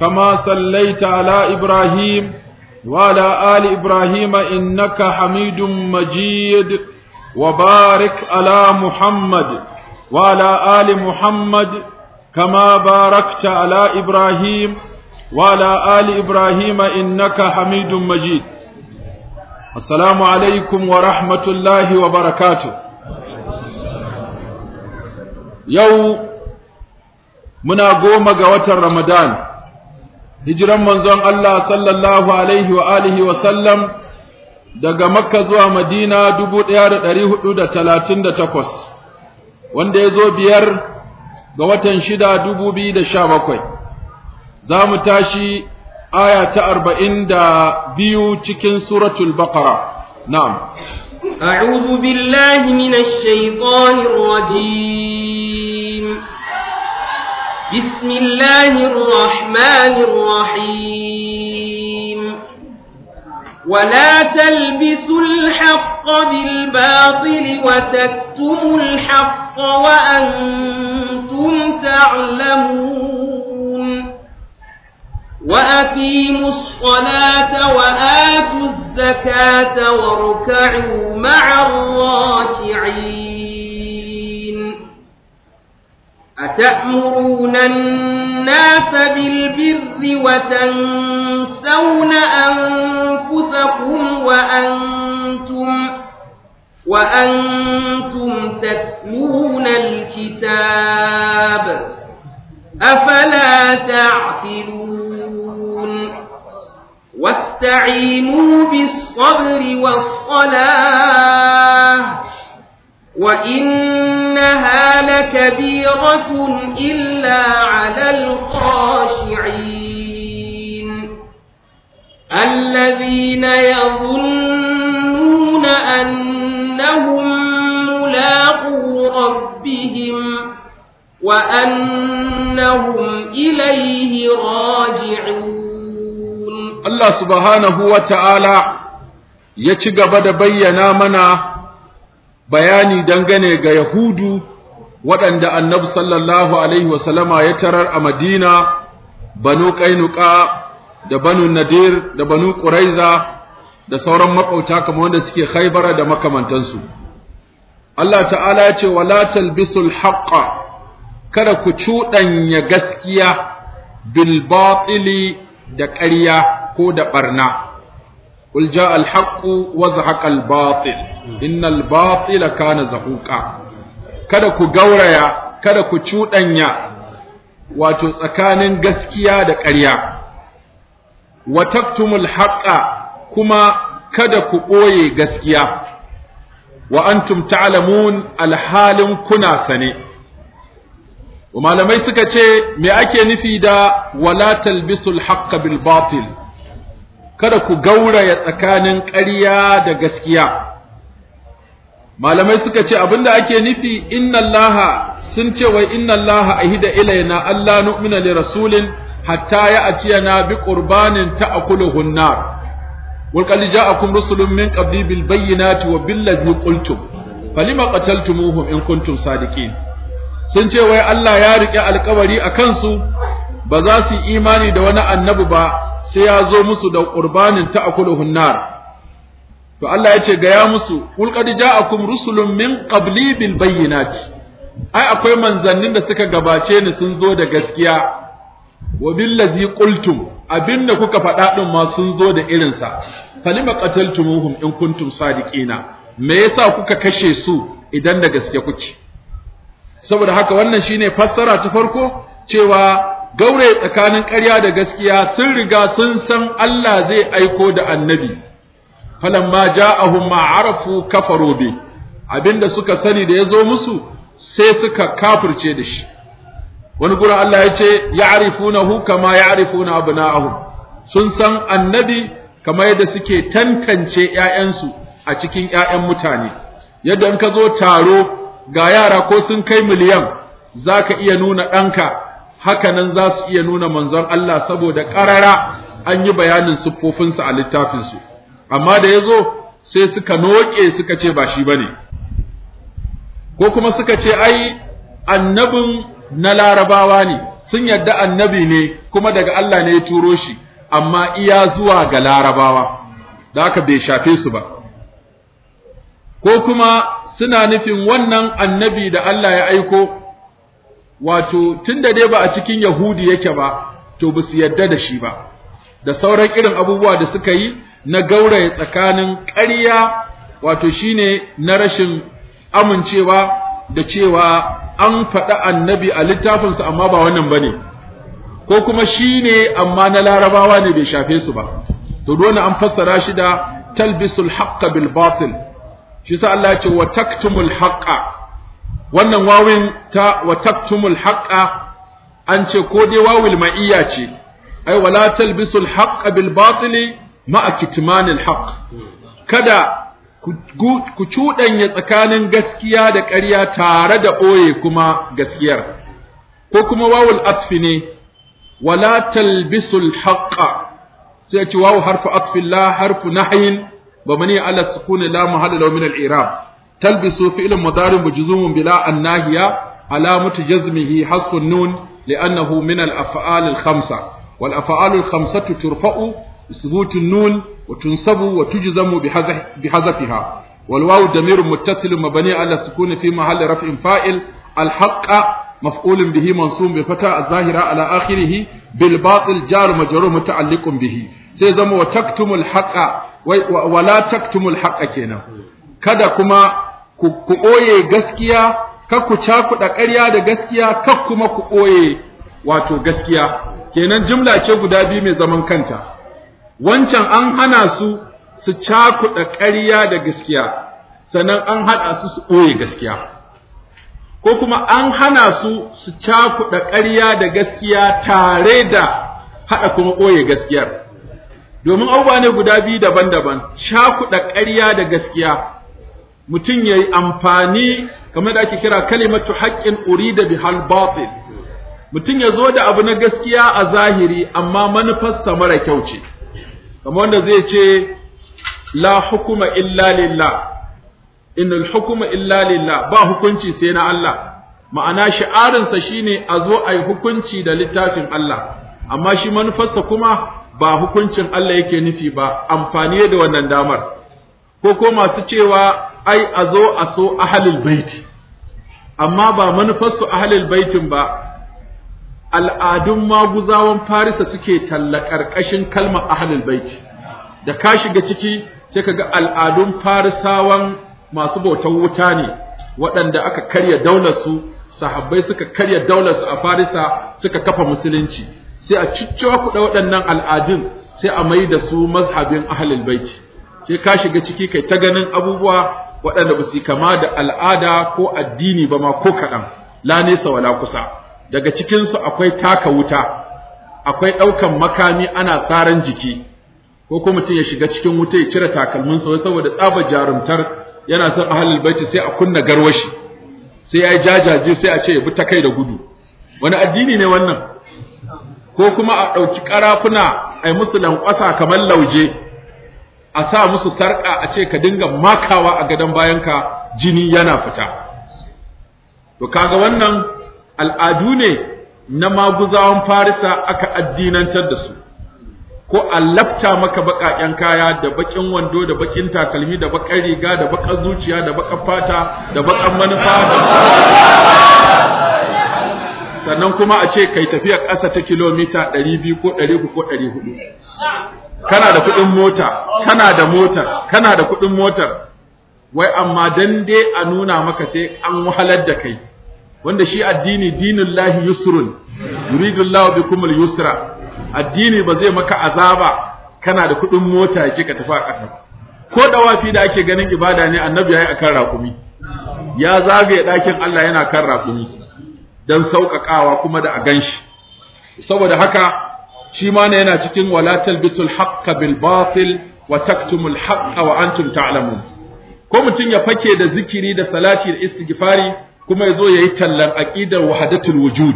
كما صليت على إبراهيم وعلى آل إبراهيم إنك حميد مجيد وبارك على محمد وعلى آل محمد كما باركت على إبراهيم وعلى آل إبراهيم إنك حميد مجيد السلام عليكم ورحمة الله وبركاته يوم muna goma ga watan Ramadan hijiran manzon Allah sallallahu alaihi wa alihi wa sallam daga makka zuwa madina takwas, wanda ya zo biyar ga watan shida dubu biyu da sha bakwai, za mu tashi aya ta arba'in da biyu cikin suratul baqara na'am a'udhu billahi minash shaitanir rajim بسم الله الرحمن الرحيم ولا تلبسوا الحق بالباطل وتكتموا الحق وأنتم تعلمون وأقيموا الصلاة وآتوا الزكاة واركعوا مع الراكعين أتأمرون الناس بالبر وتنسون أنفسكم وأنتم وأنتم تتلون الكتاب أفلا تعقلون واستعينوا بالصبر والصلاة وإنها لكبيرة إلا على الخاشعين الذين يظنون أنهم ملاقو ربهم وأنهم إليه راجعون الله سبحانه وتعالى يتقبض بينا منا bayani dangane ga yahudu waɗanda annabi sallallahu alaihi wasallama ya tarar a madina banu kainuka da banu nadir da banu quraiza da sauran makauta kamar wanda suke khaybara da makamantansu Allah ta'ala ya ce wala talbisul haqqa kada ku cuɗanya gaskiya bil batili da ƙarya ko da ɓarna. qul jaa al-haqqu wa zahaqa al-batil innal batila kada ku gauraya kada ku cuɗanya wato tsakanin gaskiya da ƙarya wa taktumul haqqa kuma kada ku ɓoye gaskiya wa antum ta'lamun alhalin kuna sane malamai suka ce me ake nufi da wala talbisul haqqa bil batil kada ku gauraya tsakanin ƙarya da gaskiya malamai suka ce abinda ake nufi inna allaha sun ce wai inna allaha ahida ilaina allah nu'mina li rasulin hatta ya atiyana bi qurbanin ta an-nar wal qad ja'akum rusulun min qabli bil bayyinati wa bil ladzi qultum falima qataltumuhum in kuntum sadiqin sun ce wai Allah ya rike alƙawari akan su ba za su imani da wani annabi ba sai ya zo musu da qurbanin ta'kuluhun nar to Allah ya ce gaya musu kul qad ja'akum rusulun min qabli bil bayyinat ai akwai manzannin da suka gabace ni sun zo da gaskiya wa ladzi qultum abinda kuka faɗa din ma sun zo da irin sa falima qataltumuhum in kuntum sadiqina me yasa kuka kashe su idan da gaske kuke saboda haka wannan shine fassara ta farko cewa gaure tsakanin ƙarya da gaskiya sun riga sun san Allah zai aiko da annabi falamma ja'ahum ma arafu kafaru bi abinda suka sani da yazo musu sai suka kafirce da shi wani gurin Allah ya ce ya'rifunahu kama ya'rifuna abna'ahum sun san annabi kamar yadda suke tantance ƴaƴansu a cikin ƴaƴan mutane yadda in ka zo taro ga yara ko sun kai miliyan zaka iya nuna ɗanka hakanan za su iya nuna manzon Allah saboda ƙarara an yi bayanin siffofinsa a littafinsu amma da ya zo sai suka noke suka ce ba shi ba ne ko kuma suka ce ai annabin na larabawa ne sun yadda annabi ne kuma daga Allah ne ya turo shi amma iya zuwa ga larabawa da aka bai shafe su ba ko kuma suna nufin wannan annabi da Allah ya aiko wato tun da dai ba a cikin yahudi yake ba to ba su yadda da shi ba da sauran irin abubuwa da suka yi na gauraya tsakanin ƙarya wato shine na rashin amincewa da cewa an faɗa annabi a littafinsa amma ba wannan bane ko kuma shine amma na larabawa ne bai shafe su ba to dole an fassara shi da talbisul haqqa bil batil shi sa Allah ya ce wa taktumul haqqa wannan wawin ta wa taktumul haqqa an ce ko dai wawil ma'iyya ce ai wala talbisul haqqa bil batili ma'a kitmanil haqq kada ku cuɗanya tsakanin gaskiya da ƙarya tare da ɓoye kuma gaskiyar ko kuma wawul atfi ne wala talbisul haqqa sai ce wawu harfu atfillah harfu nahyin ba mani ala sukuni la mahalla min al-i'rab تلبسوا فعل مضارع مجزوم بلا الناهية علامة جزمه حذف النون لأنه من الأفعال الخمسة والأفعال الخمسة ترفع بثبوت النون وتنصب وتجزم بحذفها والواو ضمير متصل مبني على السكون في محل رفع فاعل الحق مفعول به منصوب بفتح الظاهرة على آخره بالباطل جار مجرور متعلق به سيزم وتكتم الحق ولا تكتم الحق كينا kada kuma ku ɓoye gaskiya Ka ku cakuɗa ƙarya da gaskiya kar kuma ku ɓoye wato gaskiya kenan jimla ce guda biyu mai zaman kanta wancan an hana su su cakuɗa ƙarya da gaskiya sannan an haɗa su su ɓoye gaskiya ko kuma an hana su su cakuɗa ƙarya da gaskiya tare da haɗa kuma ɓoye gaskiyar domin abubuwa ne guda biyu daban-daban cakuɗa ƙarya da gaskiya mutum ya yi amfani kamar da ake kira kalimatu haƙƙin urida bi hal batil mutum ya zo da abu na gaskiya a zahiri amma manufarsa mara kyau ce kamar wanda zai ce la hukuma illa lillah innal hukuma illa lillah ba hukunci sai na Allah ma'ana shi shine a zo a yi hukunci da littafin Allah amma shi manufarsa kuma ba hukuncin Allah yake nufi ba amfani da wannan damar ko ko masu cewa ai a zo a so ahalil baiti amma ba manufarsu ahalil baitin ba al'adun maguzawan farisa suke talla ƙarƙashin kalmar ahalil baiti da ka shiga ciki sai ka ga al'adun farisawan masu bautan wuta ne waɗanda aka karya daularsu sahabbai suka karya daularsu a farisa suka kafa musulunci sai a cicciwa kuɗa waɗannan al'adun sai a mai da su mazhabin ahalil baiti sai ka shiga ciki kai ta ganin abubuwa waɗanda ba su kama da al'ada ko addini ba ma ko kaɗan la nesa wala kusa daga cikinsu akwai taka wuta akwai ɗaukan makami ana saran jiki ko kuma mutum ya shiga cikin wuta ya cire takalmin sa, saboda tsaba jarumtar yana son ahalul baiti sai a kunna garwashi sai ya jajaje sai a ce ya bi ta kai da gudu wani addini ne wannan ko kuma a ɗauki ƙarafuna ai yi musu kamar lauje a sa musu sarƙa a ce ka dinga makawa a gadon bayanka jini yana fita to kaga wannan al'adu ne na maguzawan farisa aka addinantar da su ko a lafta maka baƙaƙen kaya da baƙin wando da baƙin takalmi da baƙar riga da baƙar zuciya da baƙar fata da baƙar manufa da sannan kuma a ce kai tafiya ƙasa ta kilomita 200 ko 300 ko 400 kana da kuɗin mota kana da motar kana da kuɗin motar wai amma dan dai a nuna maka sai an wahalar da kai wanda shi addini dinin lahi yusrun yuridullahu bikum yusra addini ba zai maka azaba kana da kuɗin mota ya ka tafi a ƙasa ko dawafi da ake ganin ibada ne annabi ya yayi akan raƙumi ya zagaye ɗakin Allah yana kan raƙumi dan sauƙaƙawa kuma da a ganshi saboda haka shi ma ne yana cikin wala talbisul haqqa bil batil wa taktumul haqqa wa antum ta'lamun ko mutum ya fake da zikiri da salati da istighfari kuma yazo yayi tallan aqidar wahadatul wujud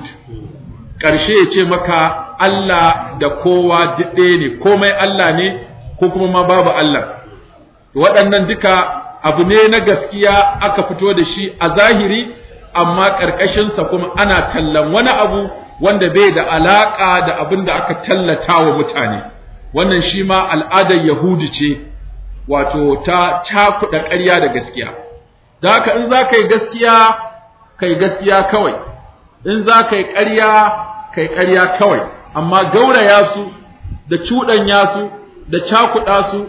karshe ya ce maka Allah da kowa ɗaya ne komai Allah ne ko kuma ma babu Allah waɗannan duka abu ne na gaskiya aka fito da shi a zahiri amma ƙarƙashinsa kuma ana tallan wani abu wanda bai da alaƙa da abin da aka tallata wa mutane wannan shi ma al'adar yahudi ce wato ta cakuɗa ƙarya da gaskiya da haka in za ka yi gaskiya ka yi gaskiya kawai in za ka yi ƙarya ka yi ƙarya kawai amma gauraya su da cuɗanya su da cakuɗa su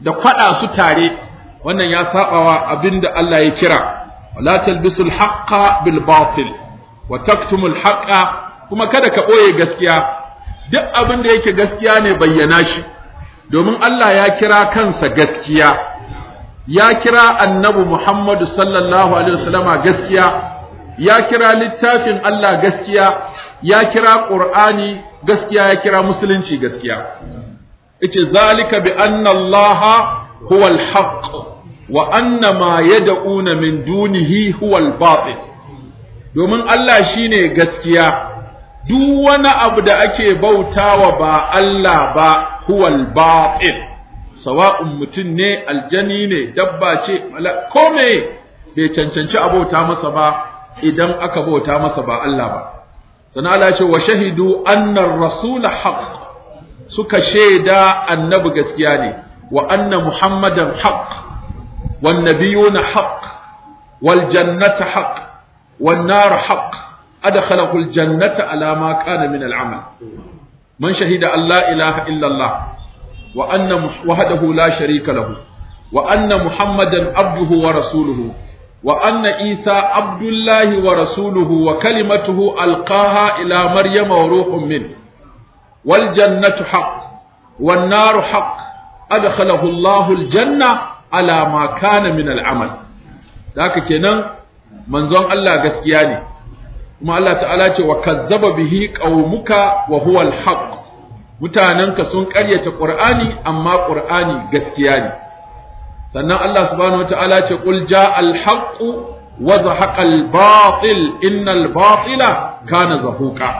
da kwaɗa su tare wannan ya saɓawa abin da Allah ya kira wala talbisul haqqa bil batil wa taktumul haqqa kuma kada ka ɓoye gaskiya duk abin da yake gaskiya ne bayyana shi domin Allah ya kira kansa gaskiya ya kira annabi Muhammadu sallallahu alaihi wasallama gaskiya ya kira littafin Allah gaskiya ya kira Qur'ani gaskiya ya kira musulunci gaskiya ice zalika bi annallaha huwal huwa haqq wa anna ma yad'una min dunihi huwal al-batil domin Allah shine gaskiya duk wani abu da ake bautawa ba Allah ba huwal batil sawa'un mutum ne aljani ne dabba ce ko me bai cancanci a bauta masa ba idan aka bauta masa ba Allah ba sana Allah ce wa shahidu annar rasul haqq suka shaida annabi gaskiya ne wa anna muhammadan haqq wan nabiyuna haqq wal jannatu haqq wan nar haqq adkhalahu aljannata ala ma kana min al'amal man shahida an la ilaha illa allah wa anna wahdahu la sharika lahu wa anna muhammadan abduhu wa rasuluhu wa anna isa abdullahi wa rasuluhu wa kalimatuhu alqaha ila maryama wa ruhun min wal jannatu haqq wan naru haqq adkhalahu allah aljanna ala min da haka kenan manzon Allah gaskiya ne kuma Allah ta'ala ce wa kazzaba bihi qaumuka wa huwa al-haq mutananka sun karyata qur'ani amma qur'ani gaskiya ne sannan Allah subhanahu wa ta'ala ce qul jaa al-haq wa zahaqa al-batil innal batila kana zahuqa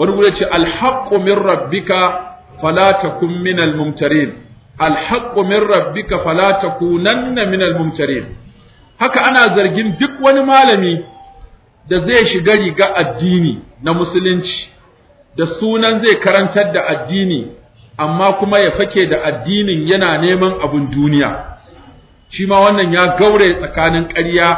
wani gure ce al-haq min rabbika fala takun min al-mumtarin al-haq min rabbika fala takunanna min al-mumtarin haka ana zargin duk wani malami da zai shiga riga addini na musulunci da sunan zai karantar da addini amma kuma ya fake da addinin yana neman abin duniya shi ma wannan ya gaure tsakanin ƙarya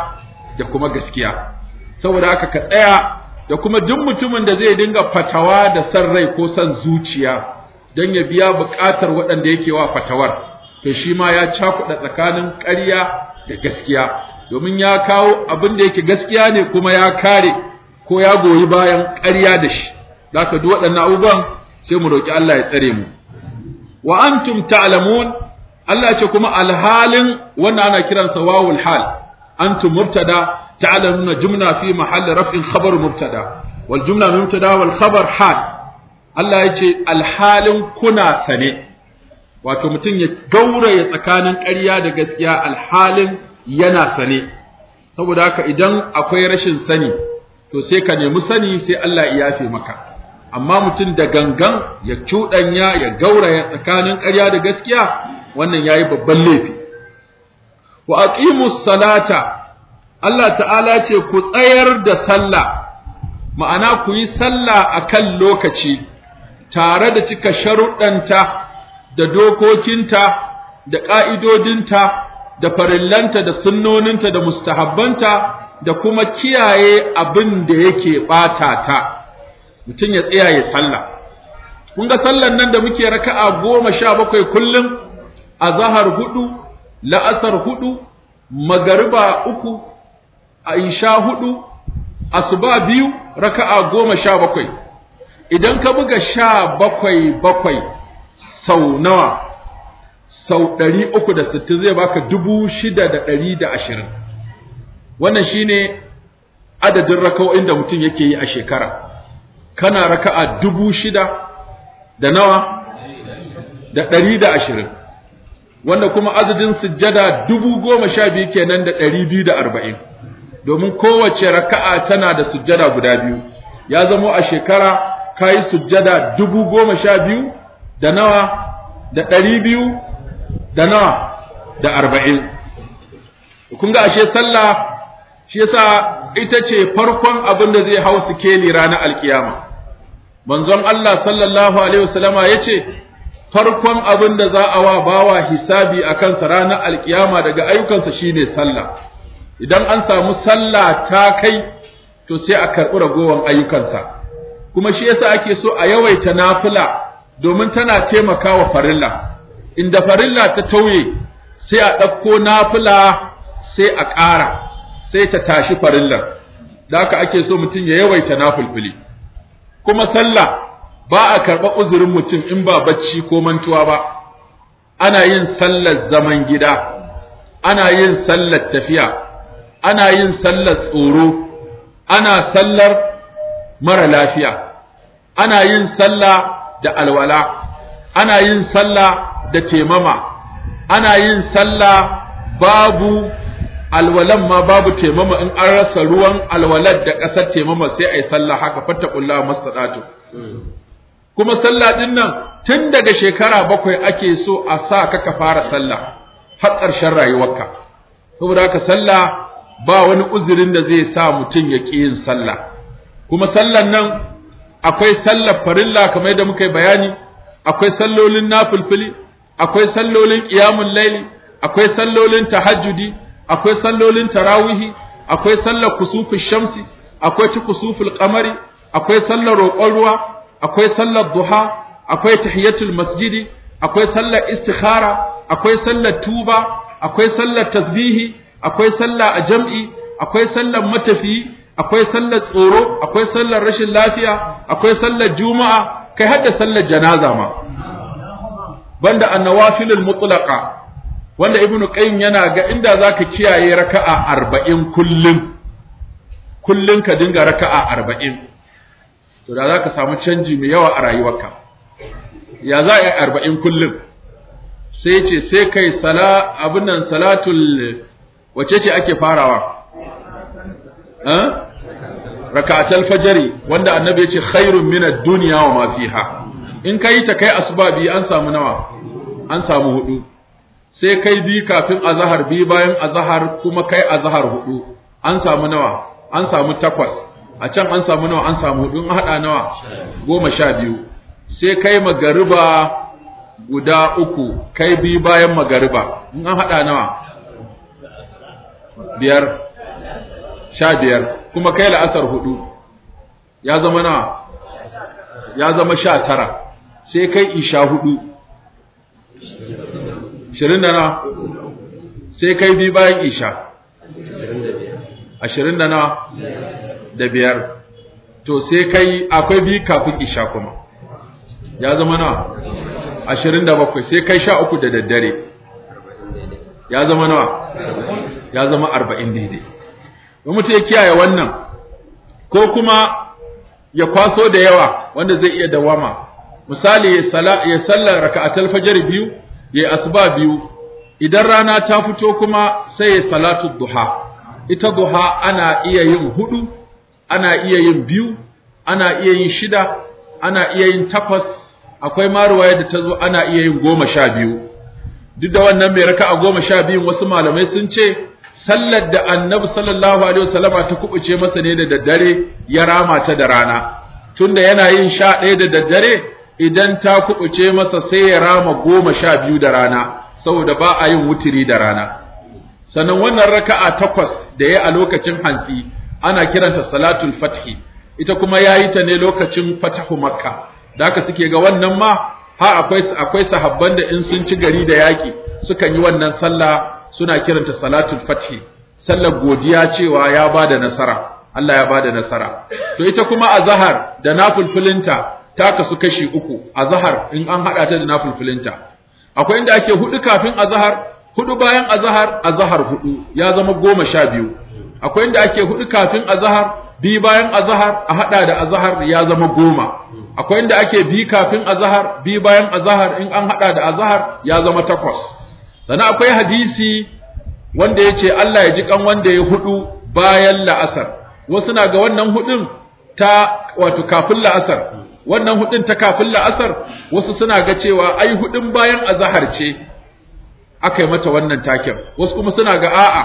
da kuma gaskiya saboda haka ka tsaya da kuma duk mutumin da zai dinga fatawa da san rai ko san zuciya don ya biya buƙatar waɗanda yake wa fatawar to shi ma ya cakuɗa tsakanin ƙarya da gaskiya domin ya kawo abin da yake gaskiya ne kuma ya kare ko ya goyi bayan ƙarya da shi ka duk waɗannan abubuwan sai mu roki Allah ya tsare mu wa antum ta'lamun Allah ce kuma alhalin wannan ana kiransa wawul hal antum mubtada تعلمون جملة في محل رفع خبر مبتدا wal مبتدا hal. Allah الله يجي الحال كنا sane? wato mutum ya gauraya tsakanin ƙarya da gaskiya alhalin yana sane saboda haka idan akwai rashin sani to sai ka nemi sani sai Allah ya yafe maka amma mutum da gangan ya cuɗanya ya gauraya tsakanin ƙarya da gaskiya wannan yayi babban laifi wa aqimus salata Allah ta'ala ce ku tsayar da sallah ma'ana ku yi sallah akan lokaci tare da cika sharuɗanta da dokokinta da ƙa'idodinta da farillanta da sunnoninta da mustahabbanta da kuma kiyaye abin da yake ɓata ta mutum ya tsaya sallah kun ga sallan nan da muke raka'a goma sha bakwai kullum a zahar hudu la'asar hudu magariba uku a isha hudu asuba biyu raka'a goma sha bakwai idan ka buga sha bakwai bakwai sau nawa sau ɗari uku da sittin zai baka ashirin. wannan shine adadin raka'o'in da mutum yake yi a shekara kana raka'a shida da nawa da ɗari da ashirin. wanda kuma adadin sujjada ke kenan da ɗari biyu da arba'in, domin kowace raka'a tana da sujjada guda biyu ya zamo a shekara ka kayi sujjada biyu da nawa da ɗari biyu da nawa da arba'in kun ga ashe sallah shi yasa ita ce farkon abin da zai hau ni ranar alkiyama manzon Allah sallallahu alaihi wasallama yace farkon abin da za a wa bawa hisabi a kansa ranar alkiyama daga ayyukansa shine sallah idan an samu sallah ta kai to sai a karɓi ragowar ayyukansa kuma shi yasa ake so a yawaita nafila domin tana taimakawa farilla inda farilla ta tauye sai a ɗauko nafila sai a ƙara sai ta tashi farillar da haka ake so mutum ya yawaita nafulfuli kuma sallah ba a karɓa uzurin mutum in ba bacci ko mantuwa ba ana yin sallar zaman gida ana yin sallar tafiya ana yin sallar tsoro ana sallar mara lafiya ana yin sallah da alwala ana yin sallah da taimama ana yin sallah babu alwalan ma babu taimama in an rasa ruwan alwalad da ƙasar taimama sai a yi sallah haka fattakulla mastaɗatu kuma sallah ɗin nan tun daga shekara bakwai ake so a sa ka ka fara sallah har ƙarshen rayuwarka saboda haka sallah ba wani uzurin da zai sa mutum ya ƙi yin sallah kuma sallan nan akwai sallar farilla kamar yadda muka yi bayani akwai sallolin nafilfili akwai sallolin ƙiyamun laili, akwai sallolin tahajjudi akwai sallolin tarawihi akwai sallar kusufu shamsi akwai ci kusuful qamari akwai sallar roƙon ruwa akwai sallar duha akwai tahiyatul masjidi akwai sallar istikhara akwai sallar tuba akwai sallar tasbihi akwai sallah a jam'i akwai sallar matafiyi akwai sallar tsoro akwai sallar rashin lafiya akwai sallar juma'a kai hadda sallar janaza ma banda annawafilul mutlaqa wanda ibnu qayyim yana ga inda zaka kiyaye raka'a 40 kullum kullum ka dinga raka'a 40 to da zaka samu canji mai yawa a rayuwarka ya za a yi 40 kullum sai ce sai kai sala abin nan salatul wace ce ake farawa eh raka'atul fajri wanda annabi ya ce khairun minad dunya wa ma fiha in ka yi ta kai asuba biyu an samu nawa an samu hudu sai kai bi kafin azahar biyu bayan azahar kuma kai azahar hudu an samu nawa an samu takwas a can an samu nawa an samu hudu in haɗa nawa goma sha biyu sai kai magariba guda uku kai biyu bayan magariba in an haɗa nawa biyar sha biyar kuma kai la'asar hudu ya zama nawa ya zama sha tara sai kai isha hudu ashirin da na sai kai bi bayan isha ashirin da na da biyar to sai kai akwai bi kafin isha kuma ya zama na ashirin da bakwai sai kai sha uku da daddare ya zama nawa ya zama arba'in daidai ba mutu ya kiyaye wannan ko kuma ya kwaso da yawa wanda zai iya dawama misali ya sallar raka'atul fajr biyu ya asuba biyu idan rana ta fito kuma sai ya salatu duha ita duha ana iya yin hudu ana iya yin biyu ana iya yin shida ana iya yin takwas akwai ma da ta zo ana iya yin goma sha biyu duk da wannan mai raka'a goma sha biyun wasu malamai sun ce sallar da annabi sallallahu alaihi wasallama ta kubuce masa ne da daddare ya rama ta da rana tunda yana yin sha ɗaya da daddare idan ta kubuce masa sai ya rama goma sha biyu da rana saboda ba a yin wutiri da rana sannan wannan raka'a takwas da ya a lokacin hantsi ana kiranta salatul fathi ita kuma ya yi ta ne lokacin fatahu makka da aka suke ga wannan ma ha akwai akwai sahabban da in sun ci gari da yaki sukan yi wannan sallah suna kiranta salatul fathi sallar godiya cewa ya ba da nasara Allah ya ba da nasara to ita kuma azhar da nafulfulinta ta kasu kashi uku A zahar in an hada ta da nafilfilinta akwai inda ake hudu kafin a zahar, hudu bayan a zahar, a zahar hudu ya zama goma sha biyu akwai inda ake hudu kafin a zahar, bi bayan a zahar, a hada da a zahar ya zama goma akwai inda ake bi kafin a zahar, bi bayan a zahar in an haɗa da a zahar ya zama takwas sannan akwai hadisi wanda ya ce Allah ya ji kan wanda ya hudu bayan la'asar wasu na ga wannan hudun ta wato kafin la'asar wannan hudun ta kafin la'asar wasu suna ga cewa ai hudun bayan azahar ce aka yi mata wannan taken wasu kuma suna ga a'a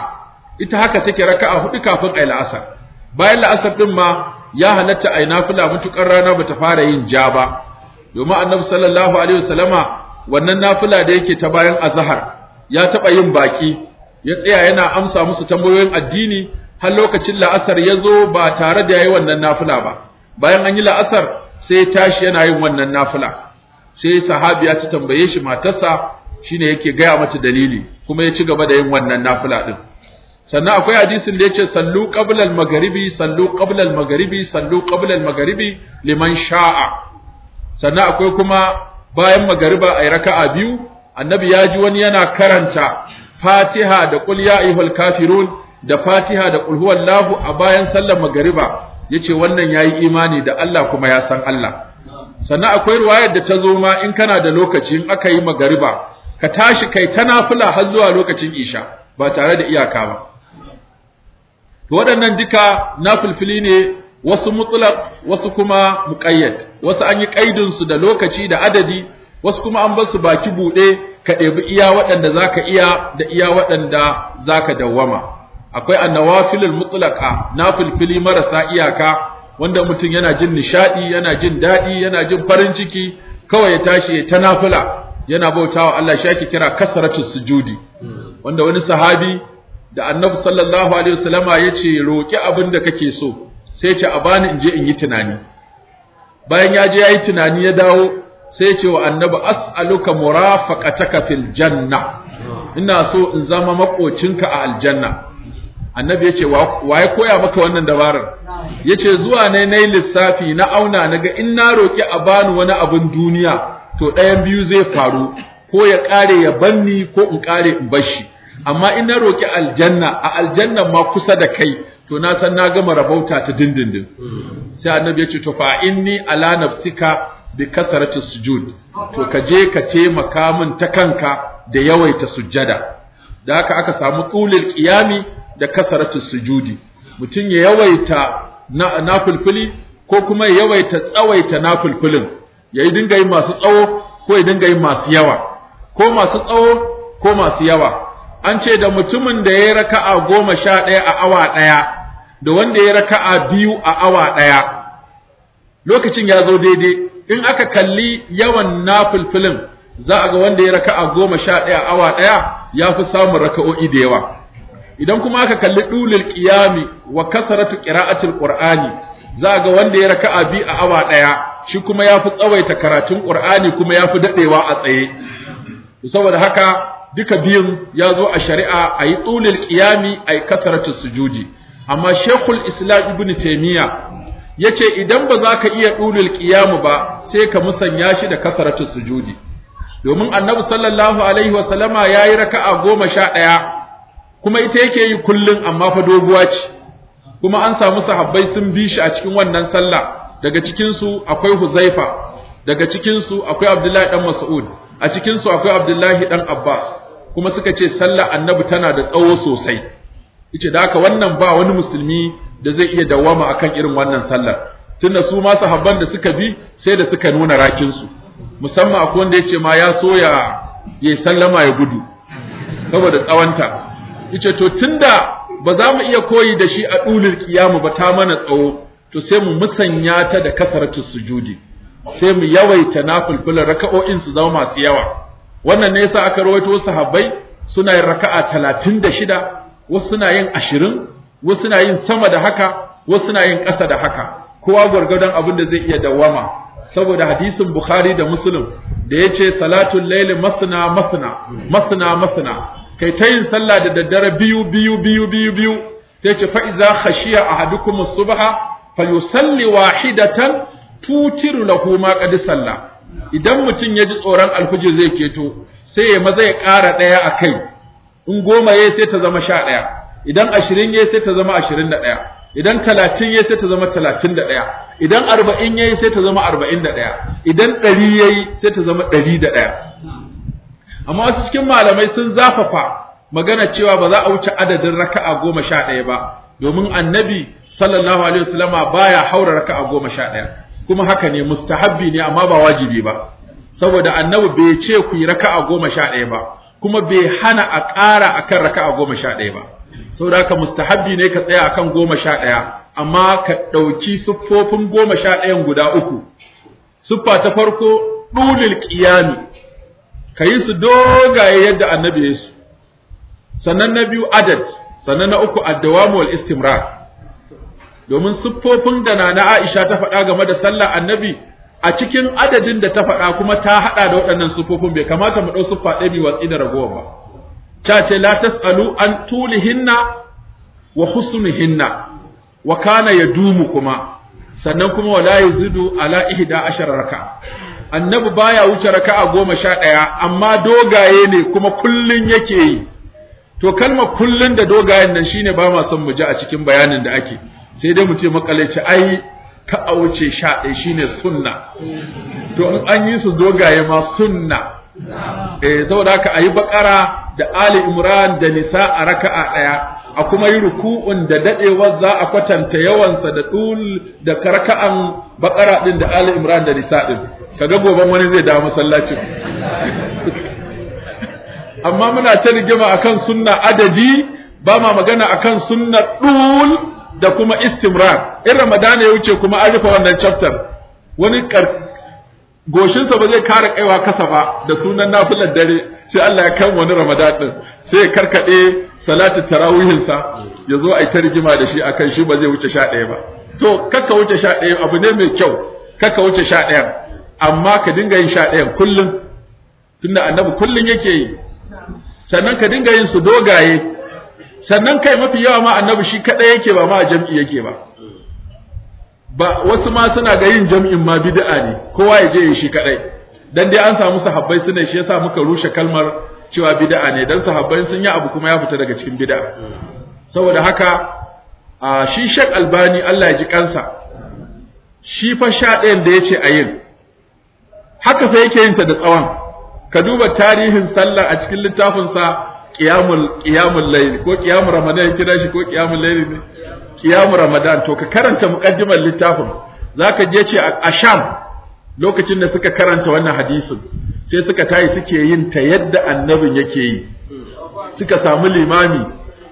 ita haka take raka'a hudu kafin ai la'asar bayan la'asar din ma ya halatta ai nafila mutukar rana bata fara yin ja ba domin annabi sallallahu alaihi wasallama wannan nafila da yake ta bayan azahar ya taba yin baki ya tsaya yana amsa musu tambayoyin addini har lokacin la'asar ya zo ba tare da yayi wannan nafila ba bayan an yi la'asar sai tashi yana yin wannan nafila sai sahabi ya ta tambaye shi matarsa shine yake gaya mata dalili kuma ya ci gaba da yin wannan nafila din sannan akwai hadisin da yace sallu qabla al-maghribi sallu qabla al-maghribi sallu qabla maghribi liman sha'a sannan akwai kuma bayan magariba ay raka'a biyu annabi ya ji wani yana karanta Fatiha da qul ya ayyuhal kafirun da Fatiha da qul huwallahu a bayan sallar magariba yace wannan yayi imani da Allah kuma ya san Allah sannan akwai ruwayar da ta zo ma in kana da lokaci in aka yi magariba ka tashi kai ta nafila har zuwa lokacin isha ba tare da iyaka ba to waɗannan duka nafilfili ne wasu mutlaq wasu kuma muqayyad wasu an yi kaidin su da lokaci da adadi wasu kuma an bar su baki bude ka ɗebi iya waɗanda zaka iya da iya waɗanda zaka dawwama akwai annawafilul mutlaqa nafilfili marasa iyaka wanda mutum yana jin nishadi yana jin dadi yana jin farin ciki kawai ya tashi ya ta nafila yana bautawa Allah shi ake kira kasratus sujudi wanda wani sahabi da annabi sallallahu alaihi wasallama yace roki abin da kake so sai ce a bani in je in yi tunani bayan ya je yayi tunani ya dawo sai ce wa annabi as'aluka murafaqataka fil janna ah. ina so in zama makocinka a aljanna annabi yace wa ya koya maka wannan dabarar yace zuwa ne nayi lissafi na auna naga in na roki a bani wani abin duniya to ɗayan biyu zai faru ko ya ƙare ya banni ko in ƙare in bar shi amma in na roki aljanna a Aljanna ma kusa da kai to na san na gama rabauta ta dindindin sai annabi yace to fa inni ala nafsika bi kasarati sujud to ka je ka ce makamin ta kanka da yawaita sujjada da haka aka samu qulil qiyami da kasaratu sujudi mutum ya yawaita nafulfuli ko kuma ya yawaita tsawaita nafulfulin yayi dinga yin masu tsawo ko ya dinga yin masu yawa ko masu tsawo ko masu yawa an ce da mutumin da ya raka'a goma sha a awa ɗaya da wanda ya raka'a biyu a awa ɗaya lokacin ya zo daidai in aka kalli yawan nafulfulin za a ga wanda ya raka'a goma sha ɗaya a awa ɗaya ya fi samun raka'o'i da yawa idan kuma aka kalli dulil qiyami wa kasratu qira'atil qur'ani za ga wanda ya raka'a bi a awa daya shi kuma yafi tsawaita karatun qur'ani kuma yafi dadewa a tsaye saboda haka duka biyun ya zo a shari'a ayi dulul qiyami ayi kasaratu sujudi amma shekul islam ibn taimiyya ya ce idan ba za ka iya ɗulil ƙiyamu ba sai ka musanya shi da kasaratun sujudi domin annabi sallallahu alaihi wasallama ya yi raka'a goma sha ɗaya kuma ita yake yi kullun amma fa doguwa ce kuma an samu sahabbai sun bi shi a cikin wannan sallah daga cikinsu akwai Huzaifa daga cikin akwai Abdullahi dan Mas'ud a cikinsu akwai Abdullahi dan Abbas kuma suka ce sallah annabi tana da tsawo sosai yace da haka wannan ba wani musulmi da zai iya dawama akan irin wannan sallar tunda su ma sahabban da suka bi sai da suka nuna rakinsu. su musamman akwai wanda yace ma ya soya ya sallama ya gudu saboda tsawanta yace to tunda ba za mu iya koyi da shi a dulul kiyama ba ta mana tsawo to sai mu musanya ta da kasaratu sujudi sai mu yawaita nafilfilan raka'o'in su zama masu yawa wannan ne yasa aka rawaito sahabbai suna yin raka'a 36 wasu suna yin 20 wasu suna yin sama da haka wasu suna yin ƙasa da haka kowa gwargwadon abin da zai iya dawama saboda hadisin bukhari da muslim da yace salatul layl masna masna masna masna kai ta yin sallah da daddare biyu biyu biyu biyu biyu sai ce fa iza khashiya ahadukum as-subha yusalli wahidatan tutiru lahu ma qad salla idan mutum ya ji tsoron zai keto sai ya maza ya ƙara ɗaya a kai in goma ya sai ta zama sha ɗaya idan ashirin ya sai ta zama ashirin da ɗaya idan talatin ya sai ta zama talatin da ɗaya idan arba'in ya sai ta zama arba'in da ɗaya idan ɗari ya sai ta zama ɗari da ɗaya amma wasu cikin malamai sun zafafa magana cewa ba za a wuce adadin raka'a goma sha ɗaya ba domin annabi sallallahu alaihi wasallama baya haura raka'a goma sha ɗaya kuma haka ne mustahabbi ne amma ba wajibi ba saboda annabi bai ce ku yi raka'a goma sha ɗaya ba kuma bai hana a ƙara akan raka'a goma sha ɗaya ba saboda haka mustahabbi ne ka tsaya akan goma sha ɗaya amma ka ɗauki siffofin goma sha ɗayan guda uku siffa ta farko ɗulil ƙiyami ka yi su dogaye yadda annabi ya su sannan na biyu adad sannan na uku addawamu wal istimrar domin siffofin da na na Aisha ta faɗa game da sallah annabi a cikin adadin da ta faɗa kuma ta haɗa da waɗannan siffofin bai kamata mu ɗau siffa ɗaya mai watsi da ba ta ce la tasalu an tulihinna wa husnihinna wa kana yadumu kuma sannan kuma wala yazidu ala ihda ashara raka'a annabi baya wuce raka'a goma sha ɗaya amma dogaye ne kuma kullun yake yi to kalmar kullun da dogayen nan shine ba ma son mu ji a cikin bayanin da ake sai dai mu ce makalaici ai ka a wuce sha ɗaya shine sunna to in an yi su dogaye ma sunna eh saboda haka ayi bakara da ali imran da nisa a raka'a ɗaya a kuma yi ruku'un da daɗewar za a kwatanta yawansa da dul da raka'an bakara din da ali imran da nisa ɗin. Ka ga goban wani zai da masallacin amma muna ta rigima akan sunna adadi ba ma magana akan sunna dul da kuma istimrar in ramadan ya wuce kuma a rufe wannan chapter wani goshinsa ba zai kara kaiwa kasa ba da sunan nafilar dare sai Allah ya kan wani ramadan din sai ya karkade salati tarawihinsa ya zo a rigima da shi akan shi ba zai wuce sha ɗaya ba to kakka wuce sha ɗaya abu ne mai kyau kakka wuce sha ɗaya amma ka dinga yin sha ɗayan kullum tunda annabi kullum yake yi sannan ka dinga yin su dogaye sannan kai mafi yawa ma annabi shi kaɗai yake ba ma a jam'i yake ba ba wasu ma suna ga yin jam'in ma bid'a ne kowa ya je yi shi kaɗai dan dai an samu sahabbai suna shi yasa muka rushe kalmar cewa bid'a ne dan sahabbai sun yi abu kuma ya fita daga cikin bid'a saboda haka a shi Sheikh Albani Allah ya ji kansa shi fa sha ɗayan da yace a yin haka fa yake yin ta da tsawon ka duba tarihin sallah a cikin littafin sa qiyamul qiyamul layl ko qiyamul ramadan yake da shi ko qiyamul layl ne qiyamul ramadan to ka karanta muqaddimar littafin zaka je ce a sham lokacin da suka karanta wannan hadisin sai suka tayi suke yin ta yadda annabin yake yi suka samu limami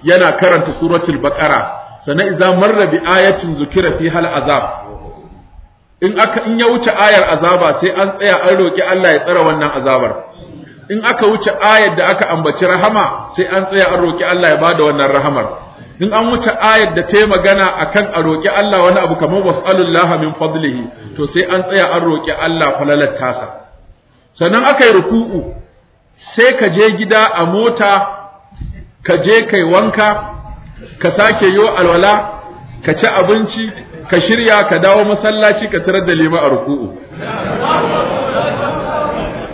yana karanta suratul baqara sannan idan marra bi ayatin zukira fi hal azab in aka in ya wuce ayar azaba sai an tsaya an roki Allah ya tsara wannan azabar in aka wuce ayar da aka ambaci rahama sai an tsaya an roki Allah ya bada wannan rahamar in an wuce ayar da ta yi magana akan a roki Allah wani abu kamar wasallallahu min fadlihi to sai an tsaya an roki Allah falalar tasa sannan aka yi ruku'u sai ka je gida a mota ka je kai wanka ka sake yo alwala ka ci abinci ka shirya ka dawo masallaci ka tarar da lima a ruku'u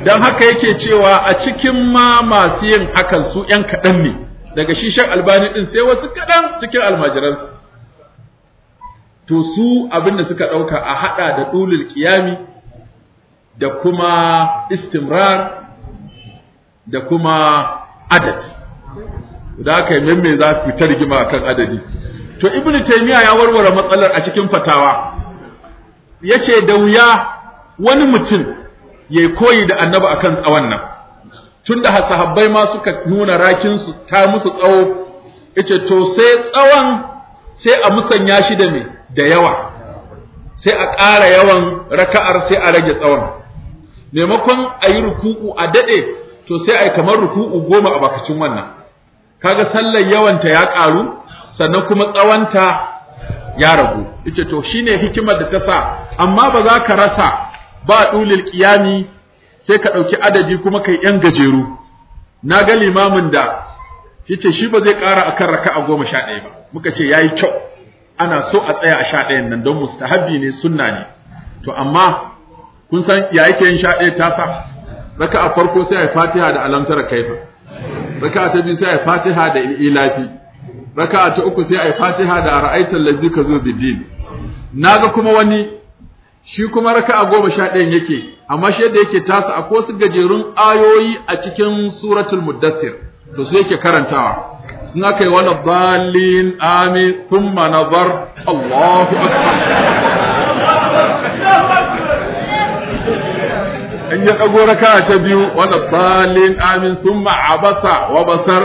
don haka yake cewa a cikin ma masu yin hakan su ‘yan kaɗan ne daga shi shan albani ɗin sai wasu kaɗan cikin almajiran to su abin da suka ɗauka a haɗa da ɗulul ƙiyami da kuma istimrar da kuma adad da aka yi memme za ku ta rigima akan adadi to ibn taymiya ya warware matsalar a cikin fatawa yace da wuya wani mutum yayi koyi da annabi akan tsawon nan tunda sahabbai ma suka nuna rakin su ta musu tsawo yace to sai tsawon sai a musanya shi da me da yawa sai a ƙara yawan raka'ar sai a rage tsawon maimakon a yi ruku'u a daɗe to sai a yi kamar ruku'u goma a bakacin wannan kaga sallar yawanta ya ƙaru sannan kuma tsawanta ya ragu yace to shine hikimar da ta sa amma ba za ka rasa ba dulil qiyami sai ka dauki adadi kuma kai yan gajeru na ga limamin da yace shi ba zai kara akan raka'a 11 ba muka ce yayi kyau ana so a tsaya a 11 nan don mustahabi ne sunna ne to amma kun san ya yake yin 11 tasa raka'a farko sai ai Fatiha da alamtar kaifa raka'a ta biyu sai ai Fatiha da ilahi raka'a ta uku sai ai fatiha da ra'aital ladzi kazu bidin naga kuma wani shi kuma raka'a goma sha ɗayan yake amma shi yadda yake tasa a wasu gajerun ayoyi a cikin suratul muddassir to sai yake karantawa in aka yi wani dalilin amin thumma nazar Allahu akbar in ya kago raka'a ta biyu wani dalilin amin sun abasa wa basar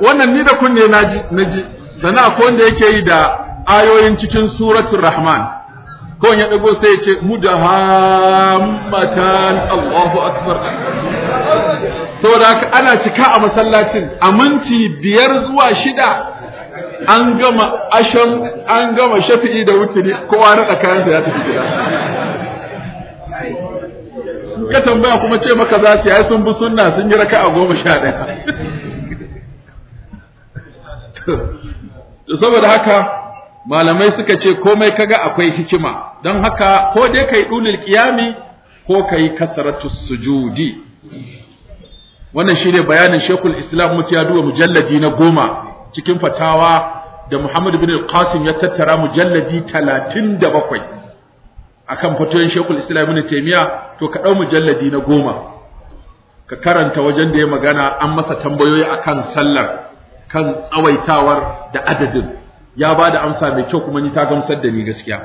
wannan ni da kunne naji naji sannan akwai wanda yake yi da ayoyin cikin suratul rahman ko ya dago sai ya ce mudahammatan Allahu akbar saboda haka ana cika a masallacin a minti biyar zuwa shida an gama ashan an gama shafi'i da wuturi kowa rada kayansa ya tafi gida ka tambaya kuma ce maka za su yi sun bi sunna sun yi raka'a goma sha ɗaya to saboda haka malamai suka ce komai kaga akwai hikima don haka ko dai kai dunul qiyami ko kai kasratu sujudi wannan shine bayanin Sheikhul Islam Mutiyadu mujalladi na goma cikin fatawa da Muhammad bin Al-Qasim ya tattara mujalladi 37 akan fatoyin Sheikhul Islam Ibn Taymiyyah to ka dau mujalladi na goma ka karanta wajen da ya magana an masa tambayoyi akan sallar kan tsawaitawar da adadin ya ba da amsa mai kyau kuma ni ta gamsar da ni gaskiya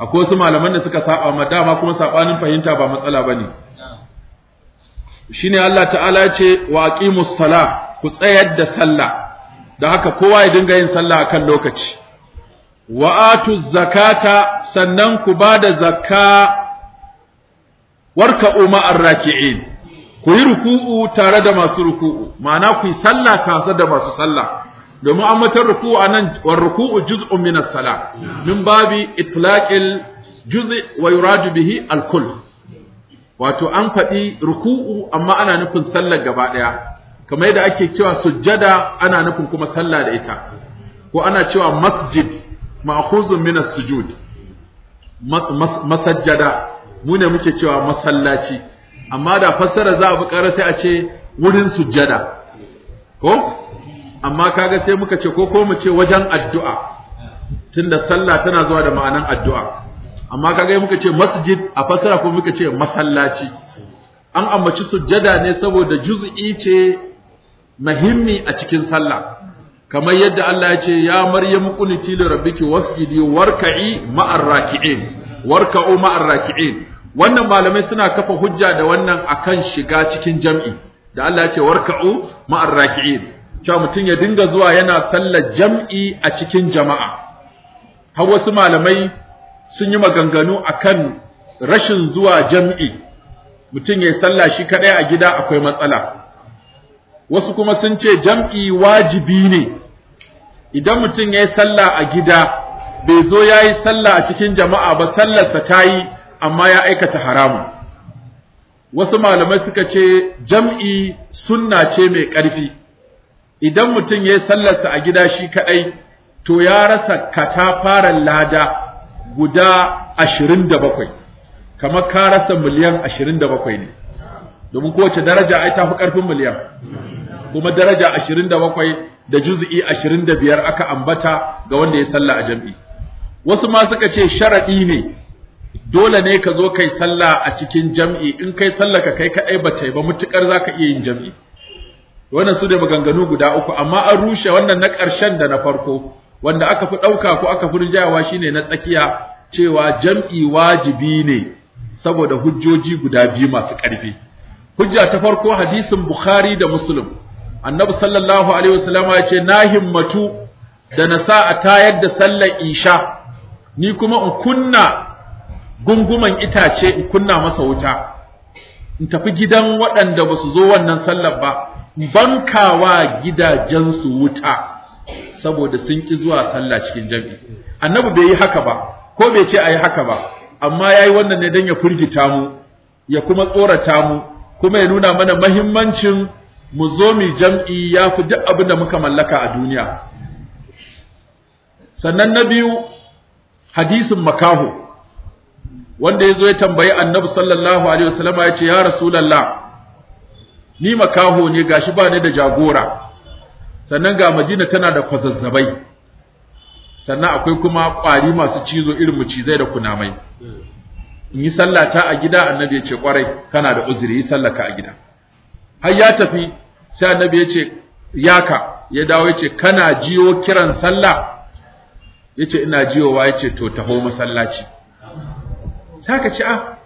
akwai wasu malaman da suka saba ma dama kuma sabanin fahimta ba matsala bane shine Allah ta'ala ya ce wa aqimus sala ku tsayar da sallah da haka kowa ya dinga yin sallah kan lokaci wa atu zakata sannan ku ba da zakka warka umma arraki'in ku yi ruku'u tare da masu ruku'u ma'ana ku yi sallah kasa da masu sallah domin an mata ruku'u anan war ruku'u juz'un min as-salah min babi itlaqil juz'i wa yuradu bihi al-kull wato an faɗi ruku'u amma ana nufin sallar gaba ɗaya kamar yadda ake cewa sujjada ana nufin kuma sallah da ita ko ana cewa masjid ma'khuzun min as-sujud masajjada mu ne muke cewa masallaci amma da fassara za a bukara sai a ce wurin sujjada ko amma kaga sai muka ce ko ko mu ce wajen addu'a tunda sallah tana zuwa da ma'anan addu'a amma kaga muka ce masjid a fassara ko muka ce masallaci an ambaci sujjada ne saboda juz'i ce muhimmi a cikin sallah kamar yadda Allah ya ce ya maryamu qunuti li rabbiki wasjidi warka'i ma'ar raki'in warka'u ma'ar raki'in wannan malamai suna kafa hujja da wannan akan shiga cikin jam'i da Allah ya ce warka'u ma'ar raki'in cewa mutum ya dinga zuwa yana sallar jam'i a cikin jama'a har wasu malamai sun yi maganganu akan rashin zuwa jam'i mutum ya sallah shi kadai a gida akwai matsala wasu kuma sun ce jam'i wajibi ne idan mutum ya yi sallah a gida bai zo ya yi sallah a cikin jama'a ba sallarsa ta yi amma ya aikata haramun wasu malamai suka ce jam'i sunna ce mai ƙarfi idan mutum ya yi sallarsa a gida shi kaɗai to ya rasa katafaren lada guda ashirin da bakwai kamar ka rasa miliyan ashirin da bakwai ne domin kowace daraja ai tafi ƙarfin miliyan kuma daraja ashirin da bakwai da juzi'i ashirin da biyar aka ambata ga wanda ya salla a jam'i wasu ma suka ce sharaɗi ne dole ne ka zo kai sallah a cikin jam'i in kai sallah ka kai kadai ba ba mutukar zaka iya yin jam'i wannan su da maganganu guda uku amma an rushe wannan na ƙarshen da na farko wanda aka fi ɗauka ko aka fi shi shine na tsakiya cewa jam'i wajibi ne saboda hujjoji guda biyu masu ƙarfi hujja ta farko hadisin bukhari da muslim annabi sallallahu alaihi wasallam ya ce na himmatu da na sa a tayar da sallar isha ni kuma in kunna gunguman itace in kunna masa wuta in tafi gidan waɗanda ba su zo wannan sallar ba bankawa gidajensu wuta saboda sun ƙi zuwa sallah cikin jam'i annabi bai yi haka ba ko bai ce a yi haka ba amma ya yi wannan ne don ya firgita mu ya kuma tsorata mu kuma ya nuna mana mahimmancin mu zo mu jam'i ya fi duk abin da muka mallaka a duniya sannan na biyu hadisin makaho wanda ya zo ya tambayi annabi sallallahu alaihi wasallam ya ce ya rasulullah ni makaho ne gashi ba ni da jagora sannan ga madina tana da kwazazzabai sannan akwai kuma kwari masu cizo irin mucizai da kunamai in yi sallata a gida annabi ya ce kwarai. kana da uzuri yi sallaka a gida har ya tafi sai annabi ya ce yaka ya dawo ya ce kana jiyo kiran sallah ya ce ina jiyowa ya ce to taho masallaci saka ci a ah,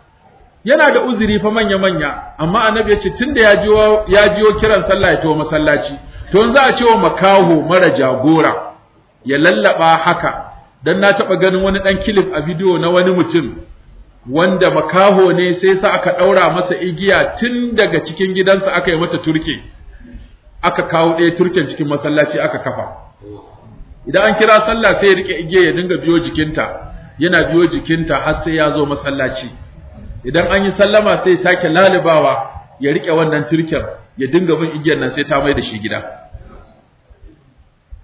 yana da uzuri fa manya manya amma annabi ya ce tunda ya jiwo ya jiwo kiran sallah ya tawo masallaci to za a ce wa makaho mara jagora ya lallaba haka dan na taɓa ganin wani ɗan kilif a bidiyo na wani mutum wanda makaho ne sai sa aka ɗaura masa igiya tun daga cikin gidansa aka yi mata turke aka kawo ɗaya turken cikin masallaci aka kafa idan an kira sallah sai ya rike igiya ya dinga biyo jikinta yana biyo jikinta har sai ya zo masallaci idan an yi sallama sai sake lalibawa ya rike wannan turken ya dinga bin igiyar nan sai ta mai da shi gida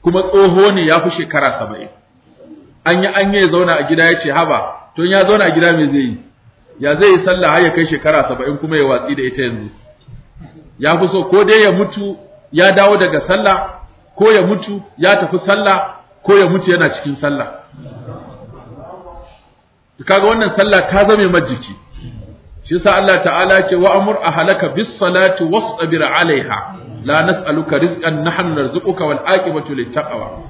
kuma tsoho ne ya fi shekara saba'in an yi an ya zauna a gida ya ce haba to ya zauna a gida me zai yi ya zai yi sallah har ya kai shekara saba'in kuma ya watsi da ita yanzu ya fi so ko dai ya mutu ya dawo daga sallah ko ya mutu ya tafi sallah ko ya mutu yana cikin sallah to kaga wannan sallah ta zame majiki shi yasa Allah ta'ala ce wa amur ahlaka bis salati wasbir alaiha la nas'aluka rizqan nahnu narzuquka wal aqibatu lit taqwa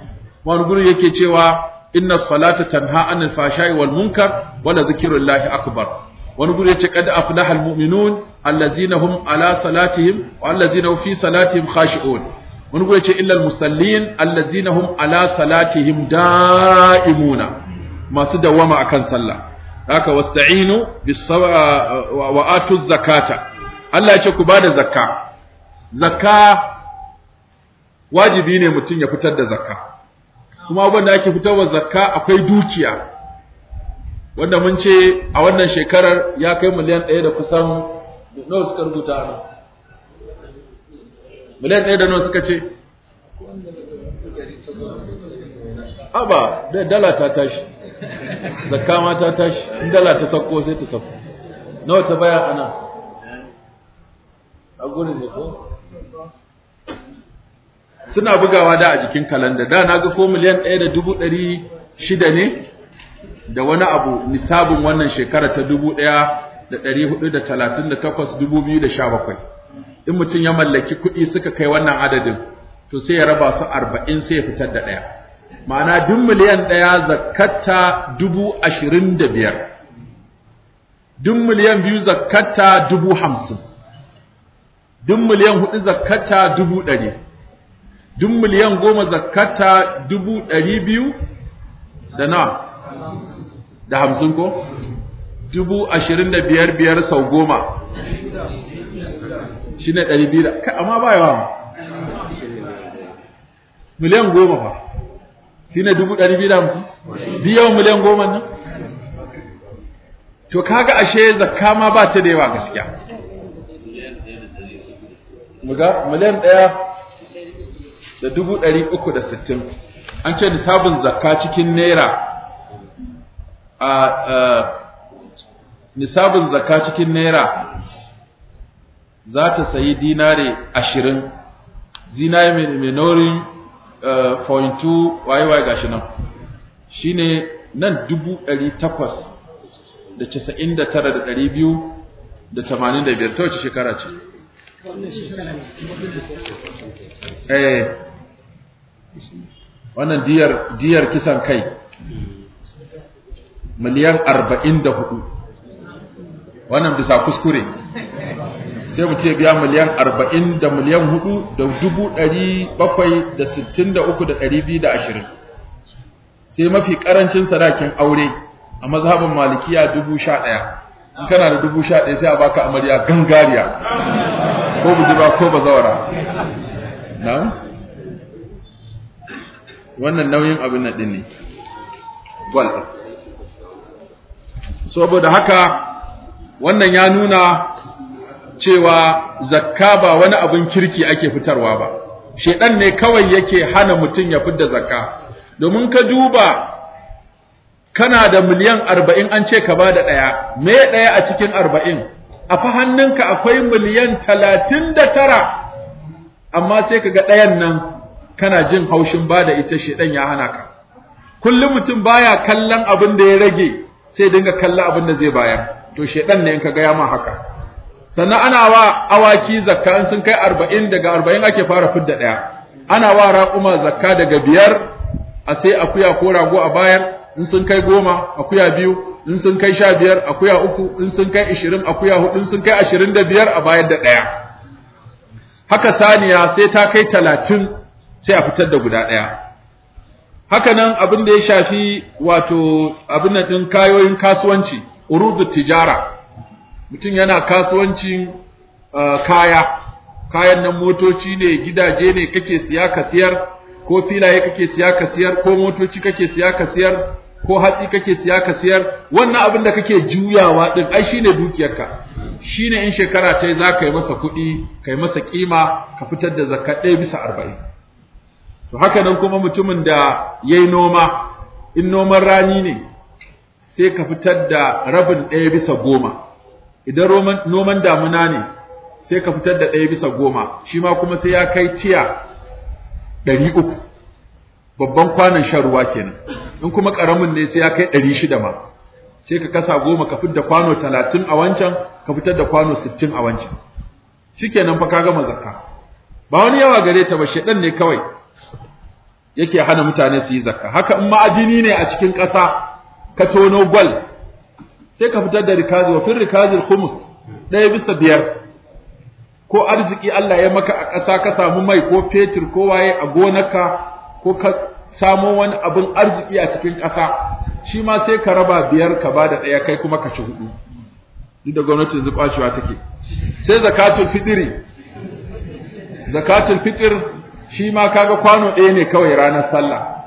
wani guri yake cewa inna salata tanha anil fashai wal munkar wala zikrullahi akbar wani guri yace qad aflaha al mu'minun allazina hum ala salatihim wa allazina hum fi salatihim khashi'un wani guri yace illa al musallin allazina hum ala salatihim da'imuna masu dawama akan sallah haka wasta'inu bis zakata Allah ya ce ku bada zakka zakka wajibi ne mutum ya fitar da zakka kuma abin da ake fitarwa zakka akwai dukiya wanda mun ce a wannan shekarar ya kai miliyan 1 da kusan nawa suka rubuta ana? miliyan 1 da nawa suka ce aba da dala ta tashi zakka ma ta tashi in dala ta sauko sai ta sauko nawa ta baya ana a gurin ne ko suna bugawa da a jikin kalanda da na ga ko miliyan ɗaya da dubu ɗari shida ne da wani abu nisabin wannan shekara ta dubu ɗaya da ɗari hudu da talatin da takwas dubu biyu da sha bakwai in mutum ya mallaki kuɗi suka kai wannan adadin to sai ya raba su arba'in sai ya fitar da ɗaya ma'ana duk miliyan ɗaya zakatta dubu ashirin da biyar duk miliyan biyu zakatta dubu hamsin duk miliyan hudu zakatta dubu ɗari duk miliyan goma zakatta dubu ɗari biyu da na da hamsin ko dubu ashirin da biyar biyar sau goma shi ne ɗari biyu da amma ba yawa miliyan goma fa shine dubu ɗari biyu da hamsin duk yawan miliyan goma nan to kaga ashe zakka ma ba ta da yawa gaskiya muga miliyan ɗaya da dubu ɗari uku da sittin an ce nisabin zakka cikin naira a nisabin zakka cikin naira za ta sayi dinare ashirin zinare mai naurin point two waye waye gashi nan shine nan dubu takwas da casa'in da tara da biyu da tamanin da biyar ta wace shekara ce eh wannan diyar diyar kisan kai miliyan arba'in da hudu wannan bisa kuskure sai mu ce biya miliyan arba'in da miliyan hudu da dubu ɗari bakwai da sittin da uku da ɗari biyu da ashirin sai mafi ƙarancin sadakin aure a mazhabin malikiya dubu sha ɗaya in kana da dubu sha ɗaya sai a baka amarya gangariya ko bujiba ko bazawara na wannan nauyin abin na ɗin ne gwal saboda haka wannan ya nuna cewa zakka ba wani abin kirki ake fitarwa ba shedan ne kawai yake hana mutum ya fitar zakka domin ka duba kana da miliyan arba'in an ce ka da ɗaya, me ɗaya a cikin arba'in? a fa hannunka akwai miliyan talatin da tara, amma sai ka ga ɗayan nan kana jin haushin bada ita shedan ya hana ka kullum mutum baya kallon abin da ya rage sai dinga kallon abin da zai bayar to shedan ne in ka ga ya ma haka sannan ana wa awaki zakka in sun kai arba'in daga arba'in ake fara fidda ɗaya ana wa raƙuma zakka daga biyar a sai akuya ko rago a bayar in sun kai goma akuya biyu in sun kai sha biyar akuya uku in sun kai ishirin akuya hudu in sun kai ashirin da biyar a bayar da ɗaya haka saniya sai ta kai talatin sai a fitar da guda ɗaya haka nan abin da ya shafi wato abin nan ɗin kayoyin kasuwanci urudu tijara mutum yana kasuwancin uh, kaya kayan nan motoci ne gidaje ne kake siya ka siyar ko filaye kake siya ka siyar ko motoci kake siya ka siyar ko hatsi kake siya ka siyar wannan abin da kake juyawa din ai shine dukiyarka shine in shekara ta za ka masa kuɗi ka masa kima ka fitar da zakka ɗaya bisa arba'in to haka nan kuma mutumin da ya noma in noman rani ne sai ka fitar da rabin ɗaya bisa goma idan noman damuna ne sai ka fitar da ɗaya bisa goma shi ma kuma sai ya kai tiya ɗari uku babban kwanan shan ruwa kenan in kuma ƙaramin ne sai ya kai ɗari shida ma sai ka kasa goma ka fitar da kwano talatin a wancan ka fitar da kwano sittin a wancan kenan fa ka gama zakka ba wani yawa gare ta ba shedan ne kawai yake hana mutane su yi zakka haka in ma'ajini ne a cikin ƙasa ka tono gwal sai ka fitar da rikazi wa fil rikazil ɗaya bisa biyar ko arziki Allah ya maka a ƙasa ka samu mai ko fetur ko waye a gonarka ko ka samo wani abin arziki a cikin ƙasa shi ma sai ka raba biyar ka ba da ɗaya kai kuma ka ci hudu duk da gwamnati yanzu take sai zakatul fitiri zakatul fitir shi ma kaga kwano ɗaya ne kawai ranar sallah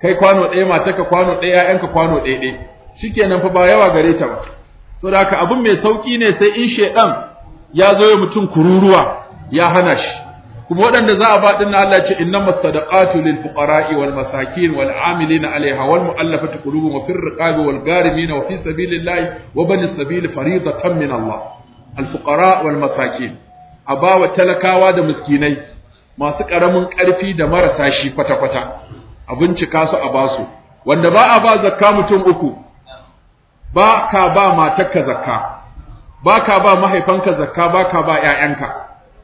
kai kwano ɗaya mataka kwano ɗaya ƴaƴanka kwano ɗaya ɗaya shikenan fa ba yawa gare ta ba saboda haka abin mai sauki ne sai in shedan ya zo ya mutum kururuwa ya hana shi kuma waɗanda za a ba din Allah ce innamas sadaqatu lil fuqara'i wal masakin wal amilina 'alayha wal mu'allafati qulubuhum wa fir riqabi wal gharimin wa fi sabilillahi wa bani sabil fariidatan min Allah al fuqara' wal masakin wa talakawa da miskinai masu karamin karfi da marasa shi kwata kwata abincika su a basu wanda ba a ba zakka mutum uku ba ka ba matarka zakka ba ka ba mahaifanka zakka ba ka ba ‘ya'yanka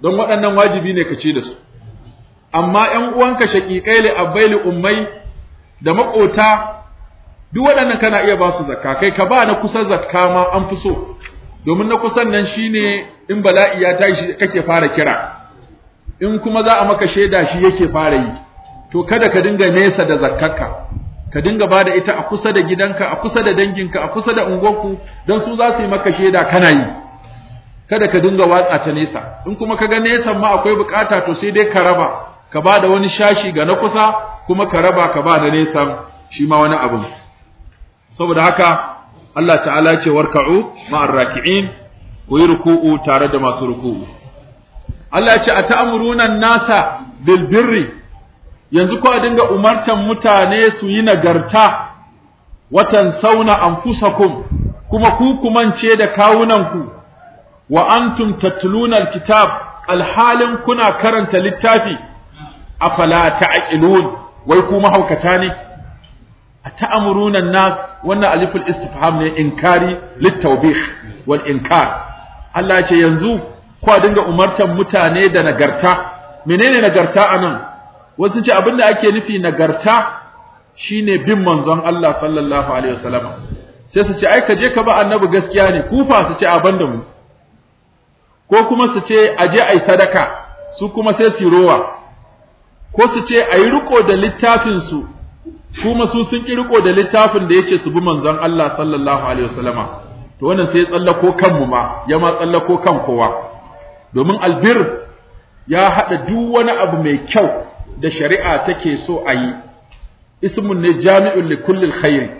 don waɗannan wajibi ne ka ce da su amma ‘yan uwanka shaƙiƙai li abbai ummai da maƙota duk waɗannan kana iya ba su zakka kai ka ba na kusa zakka ma an fi so domin na kusan nan shine in bala'i ya tashi kake fara kira in kuma za a maka shaida shi yake fara yi to kada ka dinga nesa da zakkarka ka dinga ba da ita a kusa da gidanka a kusa da danginka a kusa da unguwarku don su za su yi maka shaida kana yi kada ka dinga watsa ta nesa in kuma ka ga nesan ma akwai bukata to sai dai ka raba ka ba da wani shashi ga na kusa kuma ka raba ka ba da nesan shi ma wani abu saboda haka Allah ta'ala ce warka'u ma'ar raki'in ku yi ruku'u tare da masu ruku'u Allah ya ce a an nasa bil birri yanzu ko a dinga umartan mutane su yi nagarta watan sauna anfusakum kuma ku kumance da kawunanku wa antum tatluna alkitab alhalin kuna karanta littafi afala ta'qilun wai ku mahaukata ne ata'muruna an-nas wannan aliful istifham ne inkari litawbih wal inkar Allah ya ce yanzu ku dinga umartan mutane da nagarta menene nagarta anan wasu ce abinda ake nufi nagarta shine bin manzon Allah sallallahu alaihi wasallam sai su ce ai ka je ka ba annabi gaskiya ne kufa su ce a mu ko kuma su ce a je ai sadaka su kuma sai su rowa ko su ce yi riko da littafin su kuma su sun ki riko da littafin da yace su bi manzon Allah sallallahu alaihi wasallam to wannan sai tsallako kanmu ma ya ma tsallako kan kowa domin albir ya hada duk wani abu mai kyau da shari'a take so a yi ismun ne jami'un li kulli khairi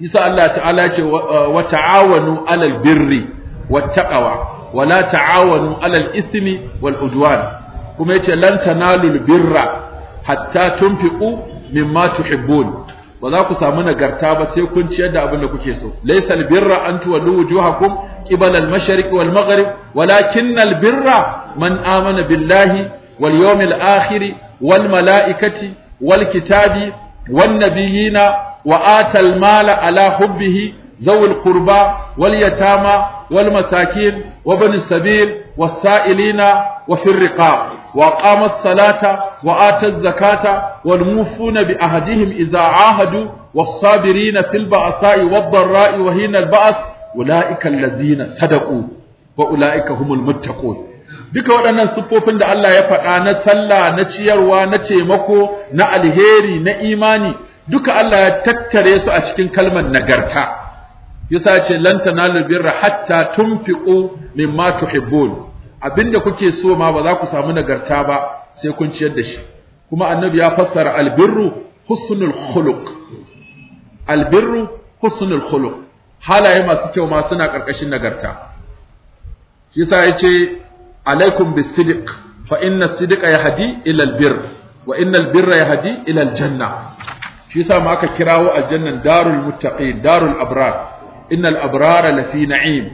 yasa Allah ta'ala ce wa uh, ta'awanu alal birri wat Wala wa la ta'awanu alal ismi wal udwan kuma yace lan tanalul birra hatta tunfiqu mimma tuhibbun ba za ku samu nagarta ba sai kun ciyar da abin da kuke so laysal birra an tuwallu wujuhakum qibala al-mashriq wal maghrib walakin al-birra man amana billahi wal yawmil akhir wal malaikati wal kitabi wan nabiyina wa atal mala ala hubbihi zawil qurba wal yatama wal masakin wa bani wasa'ilina wa fir wa qama salata wa ata zakata wal mufuna bi ahdihim idza ahadu was sabirina fil ba'sa'i wad dharra'i wa hina al-ba's ulaika allazina ba wa ulaika humul muttaqun duka waɗannan siffofin da Allah ya faɗa na sallah na ciyarwa na taimako na alheri na imani duka Allah ya tattare su a cikin kalmar nagarta yasa ce lan tanalu birra hatta tunfiqu mimma tuhibbun abinda kuke so ma ba za ku samu nagarta ba sai kun ciyar da shi kuma annabi ya fassara albirru husnul khuluq albirru husnul khuluq halaye masu kyau ma suna karkashin nagarta shi yasa yace alaikum bisidiq fa inna sidqa yahdi ila albirr wa inna birra yahdi ila aljanna shi yasa ma aka kirawo aljannan darul muttaqin darul abrar innal abrara lafi na'im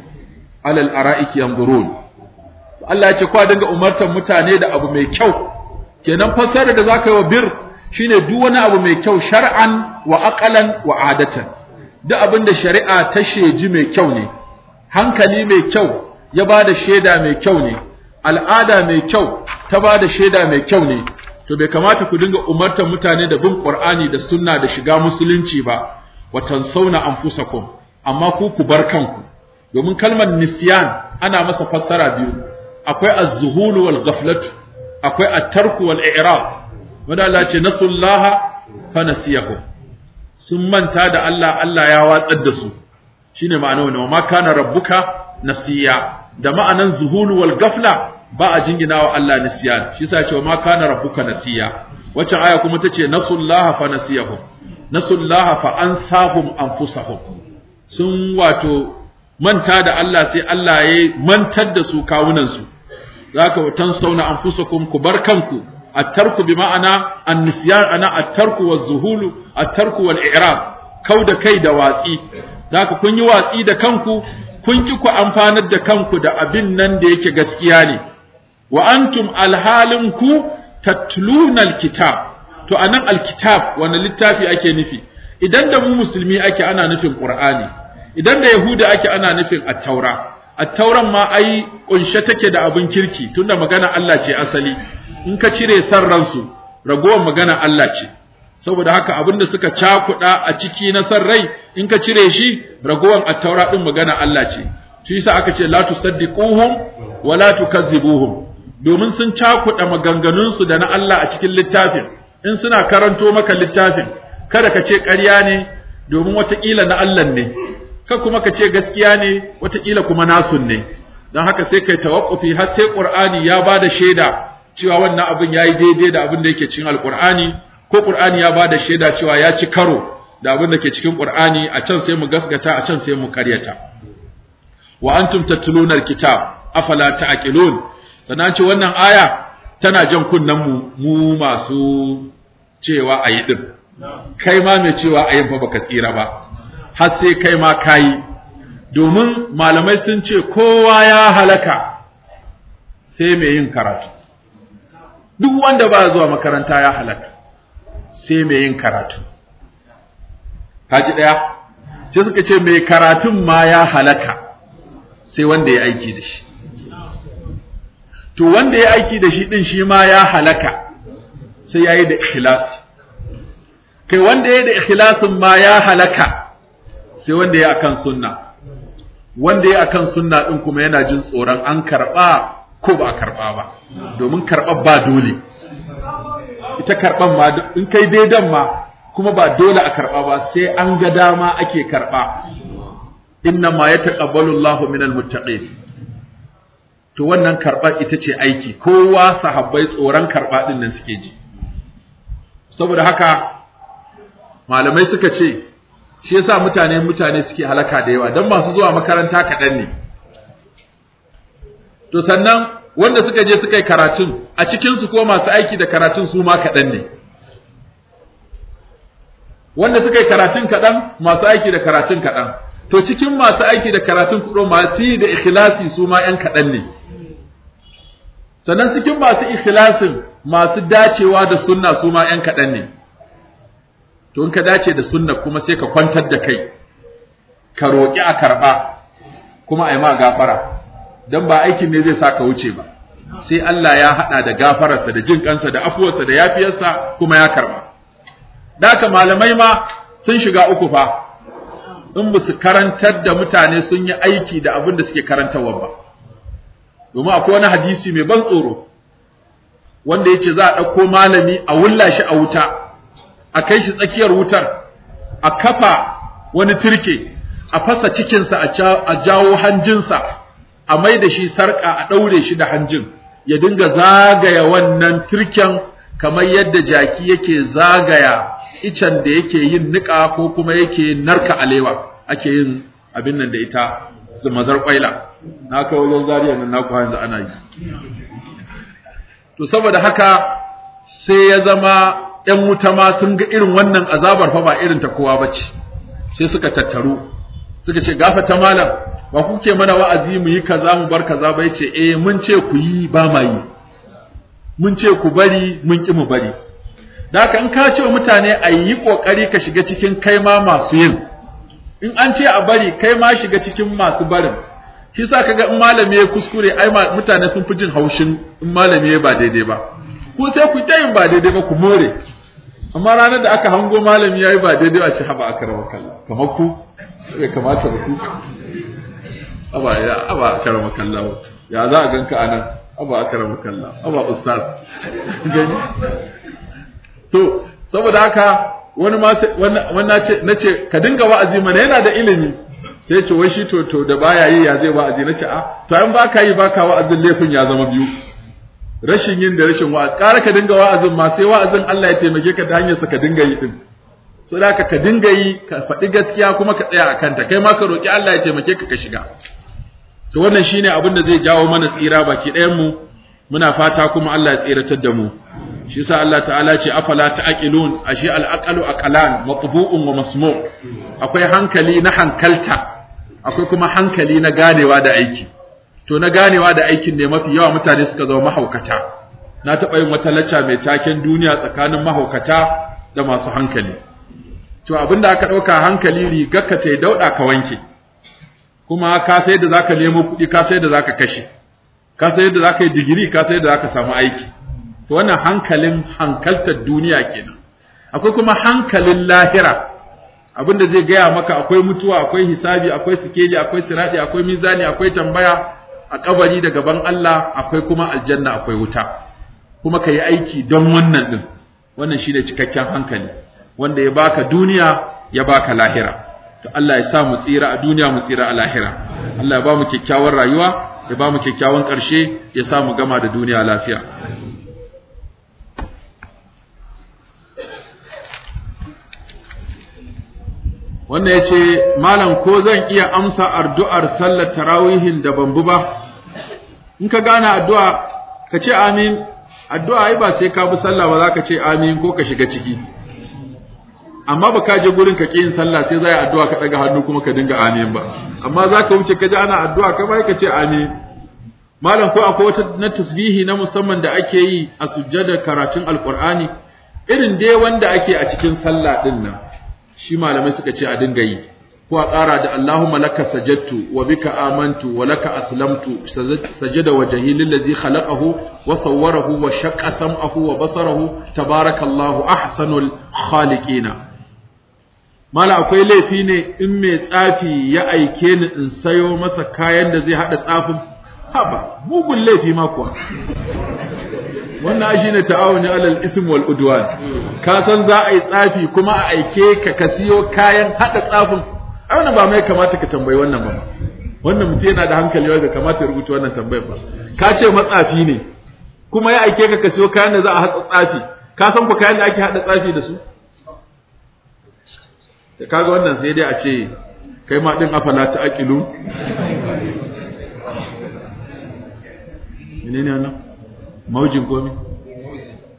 alal ara'iki yanzurun Allah ya ce kwa dinga umartar mutane da abu mai kyau kenan fassara da zaka yi wa birr shine duk wani abu mai kyau shar'an wa aqalan wa adatan duk abinda shari'a ta sheji mai kyau ne hankali mai kyau ya ba da sheda mai kyau ne al'ada mai kyau ta ba da shaida mai kyau ne to bai kamata ku dinga umartar mutane da bin qur'ani da sunna da shiga musulunci ba Watan wa tansawna anfusakum amma ku ku bar kanku domin kalmar Nisiyan ana masa fassara biyu akwai az-zuhul wal ghaflatu akwai at-tarku wal i'rab wanda Allah ce nasullaha fa nasiyahum sun manta da Allah Allah ya watsar da su shine ma'ana wannan ma kana rabbuka nasiya da ma'anan zuhulu wal gafla ba a jinginawa Allah nisyan shi yasa cewa ma kana rabbuka nasiya wacce aya kuma tace nasullaha fa nasiyahu nasullaha fa ansahum anfusahum sun wato manta da Allah sai Allah ya mantar da su kawunan su zaka sauna anfusakum ku bar kanku at bi ma'ana an-nisyan ana at-tarku waz-zuhulu at-tarku wal-i'rab da kai da watsi zaka kun yi watsi da kanku kun ki ku amfanar da kanku da abin nan da yake gaskiya ne wa antum alhalin ku tatluna alkitab to anan alkitab wani littafi ake nufi idan da mu musulmi ake ana nufin qur'ani idan da yahuda ake ana nufin Attaura, attauran ma a ma ai kunshe take da abin kirki tunda magana Allah ce asali in ka cire san ransu ragowar magana Allah ce saboda haka abin da suka cakuɗa a ciki na san rai in ka cire shi ragowan attaura ɗin magana Allah ce shi yasa aka ce la tusaddiquhum wa la tukazzibuhum domin sun cakuɗa maganganunsu da na Allah a cikin littafin in suna karanto maka littafin kada ka ce ƙarya ne domin watakila na Allah ne ka kuma ka ce gaskiya ne watakila kuma nasun ne don haka sai kai tawaqqufi har sai Qur'ani ya ba da shaida cewa wannan abin yayi daidai da abin da yake cikin Alqur'ani ko Qur'ani ya bada shaida cewa ya ci karo da abin da ke cikin Qur'ani a can sai mu gasgata a can sai mu karyata wa antum tatluna alkitab afala ta'qilun sannan ce wannan aya tana jan kunnen mu mu masu cewa ayi din kai ma mai cewa ayin fa baka tsira ba har sai kai ma kai domin malamai sun ce kowa ya halaka sai mai yin karatu duk wanda ba zuwa makaranta ya halaka sai mai yin karatu kaji ɗaya sai suka ce mai karatun ma ya halaka sai wanda ya aiki da shi to wanda ya aiki da shi ɗin shi ma ya halaka sai ya yi da ikhlasi kai wanda ya yi da ikhlasin ma ya halaka sai wanda ya akan sunna wanda ya akan sunna ɗin kuma yana jin tsoron an karɓa ko ba a karɓa ba domin karɓar ba dole ita karban ma in kai daidan ma kuma ba dole a karɓa ba sai an ga dama ake karba inna ma yataqabbalu Allahu minal muttaqin to wannan karɓar ita ce aiki kowa sahabbai tsoron karɓa din nan suke ji saboda haka malamai suka ce shi yasa mutane mutane suke halaka da yawa dan masu zuwa makaranta kaɗan ne to sannan wanda suka je suka yi karatun a cikinsu ko masu aiki da karatun su ma kaɗan ne wanda suka yi karatun kaɗan masu aiki da karatun kaɗan to cikin masu aiki da karatun kuɗo masu yi da ikhlasi su ma ‘yan kaɗan ne sannan cikin masu ikhlasin masu dacewa da sunna su ma ‘yan kaɗan ne to in ka dace da sunna kuma sai ka kwantar da kai ka roƙi a karɓa kuma a yi ma gafara dan ba aikin ne zai saka wuce ba sai Allah ya hada da gafararsa da jin kansa da afuwarsa da yafiyarsa kuma ya karba daka malamai ma sun shiga uku fa in ba su karantar da mutane sun yi aiki da abin da suke karantarwa ba domin akwai wani hadisi mai ban tsoro wanda ya ce za a ɗauko malami a wulla shi a wuta a kai shi tsakiyar wutar a kafa wani turke a fasa cikinsa a jawo hanjinsa a mai da shi sarƙa a ɗaure shi da hanjin ya dinga zagaya wannan turken kamar yadda jaki yake zagaya icen da yake yin niƙa ko kuma yake narka alewa ake yin abin nan da ita su mazar ƙwaila na kai wajen zariya nan naku yanzu ana yi to saboda haka sai ya zama 'yan wuta ma sun ga irin wannan azabar fa ba irin ta kowa bace sai suka tattaru suka ce gafata malam ba kuke mana wa'azi mu yi kaza mu bar kaza ba yace eh mun ce ku yi ba ma yi mun ce ku bari mun ki mu bari haka in ka ce mutane a yi kokari ka shiga cikin kai ma masu yin in an ce a bari kai ma shiga cikin masu barin shi sa kaga in malami ya kuskure ai mutane sun fi jin haushin in malami ba daidai ba ko sai ku ta yin ba daidai ba ku more amma ranar da aka hango malami yayi ba daidai a ci haba aka rawa kamar ku sai kamata ba ku aba ya aba karama kallawo ya za a ganka anan aba karama kallawo aba ustaz gani to saboda haka wani ma wani na ce ka dinga wa'azi mana yana da ilimi sai ce wai shi to da baya yi ya zai wa'azi na ce a ah, to an baka yi baka wa'azin laifin ya zama biyu rashin yin da rashin wa'azi ƙara ka dinga wa'azin ma sai wa'azin Allah ya taimake ka ta hanyar sa ka dinga yi din so da ka dinga yi ka faɗi gaskiya kuma ka tsaya a kanta kai ma ka roƙi Allah ya taimake ka ka shiga to wannan shine abin da zai jawo mana tsira baki ɗayan mu muna fata kuma Allah ya tsiratar da mu shi yasa Allah ta'ala ce afala ta'qilun ashi al-aqalu aqalan matbu'un wa masmu' akwai hankali na hankalta akwai kuma hankali na ganewa da aiki to na ganewa da aikin ne mafi yawa mutane suka zama mahaukata na taɓa yin wata lacca mai taken duniya tsakanin mahaukata da masu hankali to abin da aka dauka hankali rigarka ta dauda ka wanke kuma ka sai da zaka nemo kuɗi ka sai da zaka kashe ka sai da zaka yi digiri ka sai da zaka samu aiki to wannan hankalin hankaltar duniya kenan akwai kuma hankalin lahira abinda zai gaya maka akwai mutuwa akwai hisabi akwai sikeli akwai siradi akwai mizani akwai tambaya a kabari da gaban Allah akwai kuma aljanna akwai wuta kuma ka yi aiki don wannan din wannan shine cikakken hankali wanda ya baka duniya ya baka lahira to Allah ya sa mu tsira a duniya mu tsira a lahira Allah ya ba mu kyakkyawar rayuwa ya ba mu kyakkyawan ƙarshe ya sa mu gama da duniya lafiya wannan yace malam ko zan iya amsa addu'ar sallar tarawihin da bambu ba in ka gane addu'a ka ce amin addu'a ai ba sai ka bi sallah ba za ka ce amin ko ka shiga ciki amma ba ka je gurin ka yin sallah sai za yi addu'a ka daga hannu kuma ka dinga amin ba amma za ka wuce ka ji ana addu'a ka bai ka ce amin malam ko akwai wata na tasbihi na musamman da ake yi a sujjada karatun alqur'ani irin dai wanda ake a cikin sallah din nan shi malamai suka ce a dinga yi ko a ƙara da Allahumma laka sajadtu wa bika amantu wa laka aslamtu sajada wajhi lillazi khalaqahu wa sawwarahu wa shaqqa sam'ahu wa basarahu tabarakallahu ahsanul khaliqina mala akwai laifi ne in mai tsafi ya aike ni in sayo masa kayan da zai hada tsafin haba mugun laifi ma kuwa wannan shi ne ta'awuni alal ism wal udwan ka san za a yi tsafi kuma a aike ka ka siyo kayan hada tsafin ai wannan ba mai kamata ka tambayi wannan ba wannan mutum yana da hankali wanda kamata ya rubuta wannan tambayar ba ka ce matsafi ne kuma ya aike ka ka siyo kayan da za a hada tsafi ka san ku kayan da ake hada tsafi da su da kaga wannan sai dai a ce kai ma din afala ta aqilu ne wannan maujin ko me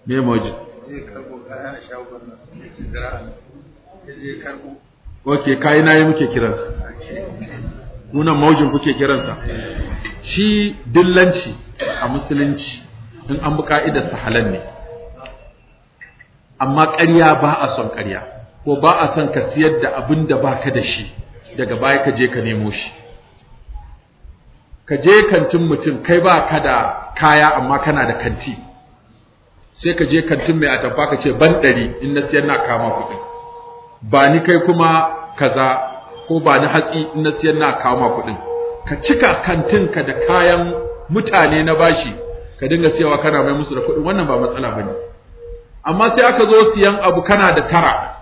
me maujin sai karbo kaya a shawo wannan sai zira'a sai karbo ok kayi na yi muke kiransa Kuna maujin kuke kiransa shi dillanci a musulunci in an bi ka'idarsa halal ne amma ƙarya ba a son ƙarya ko ba a son ka siyar da abin da baka da shi daga baya ka je ka nemo shi ka je kantin mutum kai ba ka da kaya amma kana da kanti sai ka je kantin mai atamfa ka ce ban ɗari in na siyar na kama kuɗi ba ni kai kuma kaza ko ba ni hatsi in na siyar na kama kuɗin ka cika kantin ka da kayan mutane na bashi ka dinga siyawa kana mai musu da kuɗi wannan ba matsala ba ne amma sai aka zo siyan abu kana da tara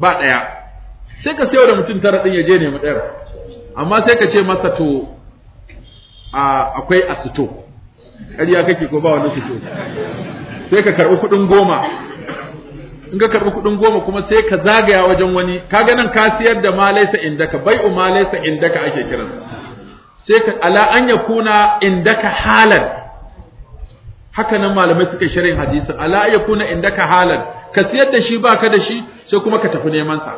ba ɗaya sai ka sayo da mutum tara ɗin ya je nemi ɗayar amma sai ka ce masa to akwai a sito ƙarya kake ko ba wani sito sai ka karɓi kuɗin goma in ka karɓi kuɗin goma kuma sai ka zagaya wajen wani kaga nan ka siyar da ma laisa indaka bai ma laisa indaka ake kiransa sai ka ala an yakuna indaka halan haka nan malamai suka shirin hadisin ala yakuna indaka halan ka siyar da shi baka da shi sai kuma ka tafi neman sa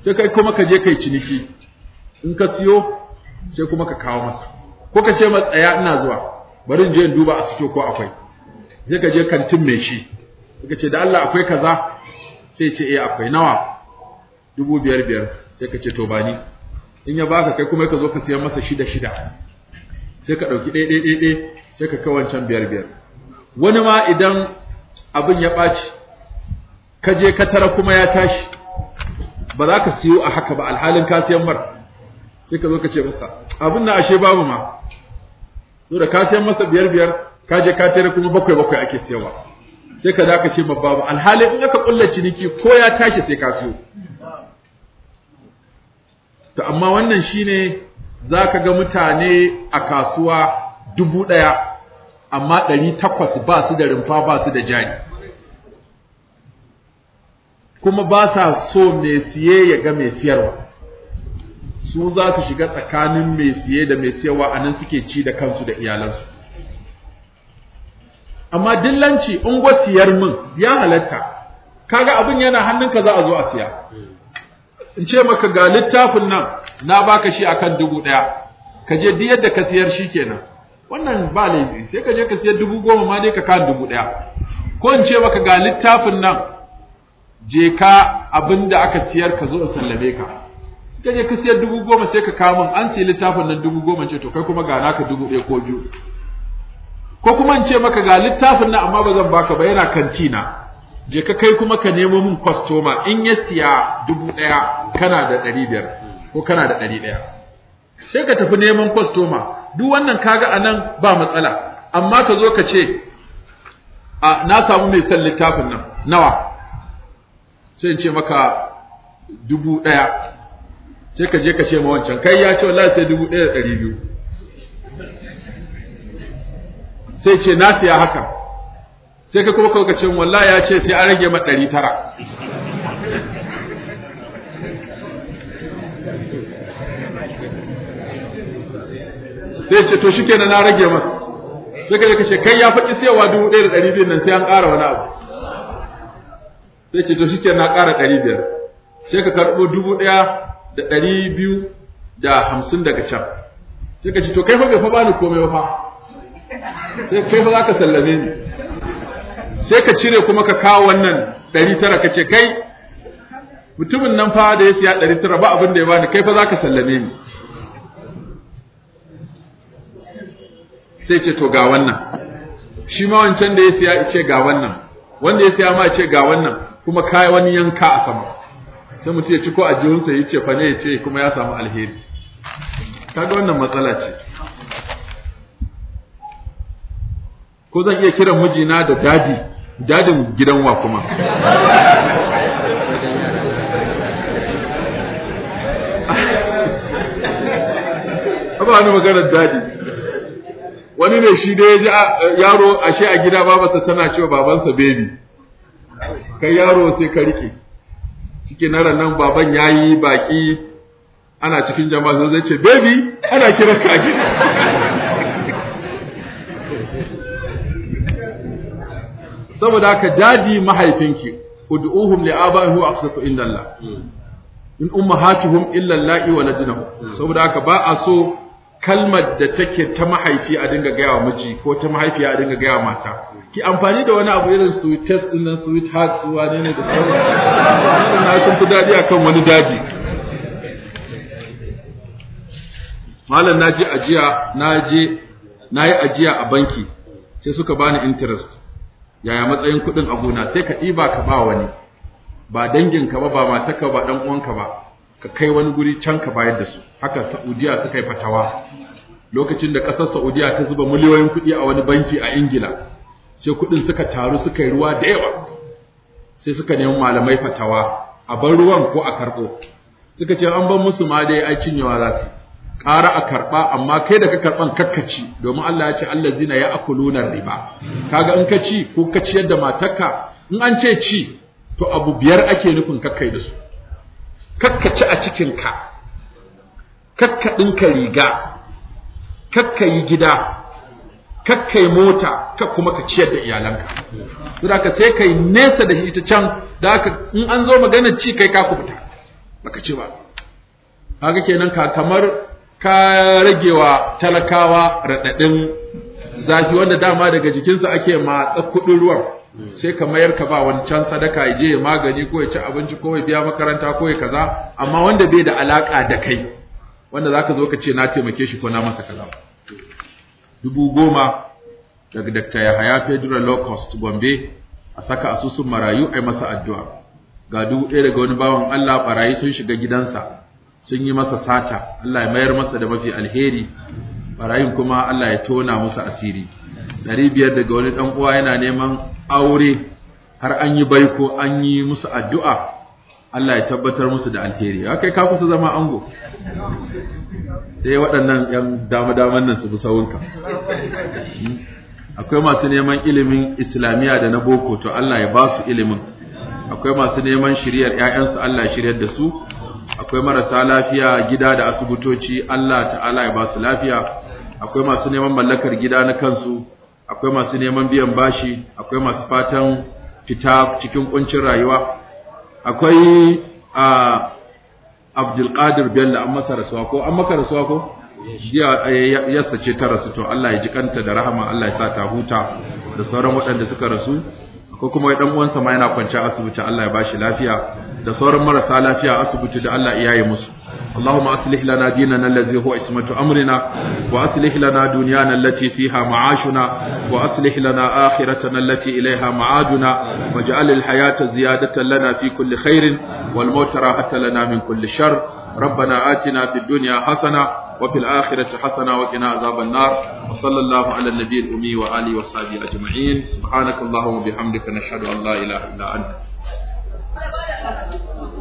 sai kai kuma ka je kai ciniki in ka siyo sai kuma ka kawo masa ko ka ce masa ina zuwa bari in je in duba a sito ko akwai sai ka je kantin mai shi ka ce da Allah akwai kaza sai ce eh akwai nawa dubu biyar biyar sai ka ce to bani in ya baka kai kuma ka zo ka siyan masa shida shida sai ka ɗauki ɗaya ɗaya ɗaya sai ka kawancan wancan biyar biyar wani ma idan abin ya ɓaci ka je ka tara kuma ya tashi ba za ka siyo a haka ba alhalin ka siyan mar sai ka zo ka ce masa abin na ashe babu ma zo da kasiyan masa biyar biyar ka je ka tare kuma bakwai bakwai ake siyarwa sai ka za ka ce babba ba alhalin in aka kulla ciniki ko ya tashi sai ka siyo to amma wannan shine za ka ga mutane a kasuwa dubu ɗaya amma ɗari takwas ba su da rumfa ba su da jari kuma ba sa so mai siye ya ga mai siyarwa su za su shiga tsakanin mai siye da mai siyarwa a nan suke ci da kansu da iyalansu amma dillanci ungwa siyar min ya halatta kaga abin yana hannunka za a zo a siya in ce maka ga littafin nan na baka shi akan dubu ɗaya ka je duk yadda ka siyar shi kenan wannan ba laifi sai ka ka siyar dubu goma ma dai ka kan dubu ɗaya ko in ce maka ga littafin nan je ka abin da aka siyar ka zo a sallame ka ka ka siyar dubu goma sai ka kawo min. an siya littafin nan dubu goma ce to kai kuma ga naka dubu ɗaya ko biyu ko kuma in ce maka ga littafin nan amma ba zan baka ba yana kantina je ka kai kuma ka nemo min kwastoma in ya siya dubu ɗaya kana da ɗari biyar ko kana da ɗari ɗaya sai ka tafi neman kwastoma duk wannan kaga a nan ba matsala amma ka zo ka ce a na samu mai son littafin nan nawa sai ce maka dubu ɗaya sai ka je ka ce ma wancan kai ya ce wallahi sai dubu ɗaya da ɗari biyu sai ce na siya haka sai ka kuma kauka ce wallahi ya ce sai an rage ma ɗari tara sai ce to shikenan na rage masa sai ka je ka ce kai ya faɗi siyarwa dubu ɗaya da ɗari biyu nan sai an ƙara wani abu sai ce to shi ke na ƙara ɗari biyar sai ka karɓo dubu ɗaya da ɗari biyu da hamsin daga can sai ka ce to kai fa bai fa bani komai ba fa sai kai fa za ka sallame ni sai ka cire kuma ka kawo wannan ɗari tara ka ce kai mutumin nan fa da ya siya ɗari tara ba abin da ya bani kai fa za ka sallame ni sai ce to ga wannan shi ma wancan da ya siya ce ga wannan wanda ya siya ma ce ga wannan kuma kai wani yanka a sama sai mu ya ci ko a jihunsa sai ce fa ya ce kuma ya samu alheri kaga wannan matsala ce ko zan iya kiran mijina da dadi dadin gidan wa kuma Aba wani maganar dadi wani ne shi da ya ji yaro ashe a gida babarsa tana cewa babansa baby. kai yaro sai ka rike kike na nan baban ya yi baki ana cikin jama'a zai ce baby ana kira ka saboda haka dadi mahaifinki ud'uhum li aba'ihim aqsatu inda Allah hmm. in ummahatuhum illa allahi wa najnahum hmm. saboda haka ba a so kalmar da take ta mahaifi a dinga gaya wa miji ko ta mahaifi a dinga gaya mata ki amfani da wani abu irin sweetest din nan sweet heart su wani ne da sauran na sun fi dadi akan wani dadi malam na ajiya na nayi yi ajiya a banki sai suka bani interest yaya matsayin kuɗin a gona sai ka diba ka ba wani ba danginka ba ba mataka ba ɗan uwanka ba ka kai wani guri can ka bayar da su haka saudiya suka yi fatawa lokacin da ƙasar Saudiya ta zuba miliyoyin kuɗi a wani banki a Ingila sai kuɗin suka taru suka yi ruwa da yawa sai suka nemi malamai fatawa a bar ruwan ko a karɓo suka ce an bar musu ma dai ai cinyewa za su ƙara a karɓa amma kai da ka karɓan kakkaci domin Allah ya ce Allah zina ya akuluna riba kaga in ka ci ko ka ciyar da matarka in an ce ci to abu biyar ake nufin kakkai da su kakkaci a cikinka kakkadin ɗinka riga yi gida yi mota ka kuma ka ciyar da iyalanka to da ka sai kai nesa da shi ita can da aka in an zo magana ci kai ka ta, baka ce ba kaga kenan ka kamar ka ragewa talakawa raɗaɗin zafi wanda dama daga jikinsa ake matsa tsakudin ruwan sai ka mayar ka ba wancan sadaka ya je ya magani ko ya ci abinci ko ya biya makaranta ko ya kaza amma wanda bai da alaka da kai wanda za ka zo ka ce na taimake shi ko na masa kaza dubu goma daga Dr. Yahaya law cost Gombe a saka asusun marayu yi masa addu'a ga dubu ɗaya daga wani bawan Allah barayi sun shiga gidansa sun yi masa sata Allah ya mayar masa da mafi alheri barayin kuma Allah ya tona musu asiri ɗari biyar daga wani ɗan uwa yana neman aure har an yi baiko an yi musu addu'a Allah ya tabbatar musu da alheri ya kai ka kusa zama ango sai waɗannan yan dama-daman nan su bi sawunka akwai masu neman ilimin islamiyya da na boko to Allah ya ba su ilimin akwai masu neman shiryar ƴaƴansu Allah ya shiryar da su akwai marasa lafiya gida da asibitoci Allah ta'ala ya ba su lafiya akwai masu neman mallakar gida na kansu akwai masu neman biyan bashi akwai masu fatan fita cikin kuncin rayuwa akwai a Abdulkadir Bello an masa rasuwa ko an maka rasuwa ko jiya eh, yasa ce ta rasu to Allah ya ji kanta da rahama Allah ya sa ta huta da sauran waɗanda suka rasu ko kuma dan uwansa ma yana kwance asibiti Allah ya bashi lafiya da sauran marasa lafiya asibiti da Allah ya yi musu اللهم أصلح لنا ديننا الذي هو اسمة أمرنا وأصلح لنا دنيانا التي فيها معاشنا وأصلح لنا آخرتنا التي إليها معادنا واجعل الحياة زيادة لنا في كل خير والموت راحة لنا من كل شر ربنا آتنا في الدنيا حسنة وفي الآخرة حسنة وقنا عذاب النار وصلى الله على النبي الأمي وآله وصحبه أجمعين سبحانك اللهم وبحمدك نشهد أن لا إله إلا أنت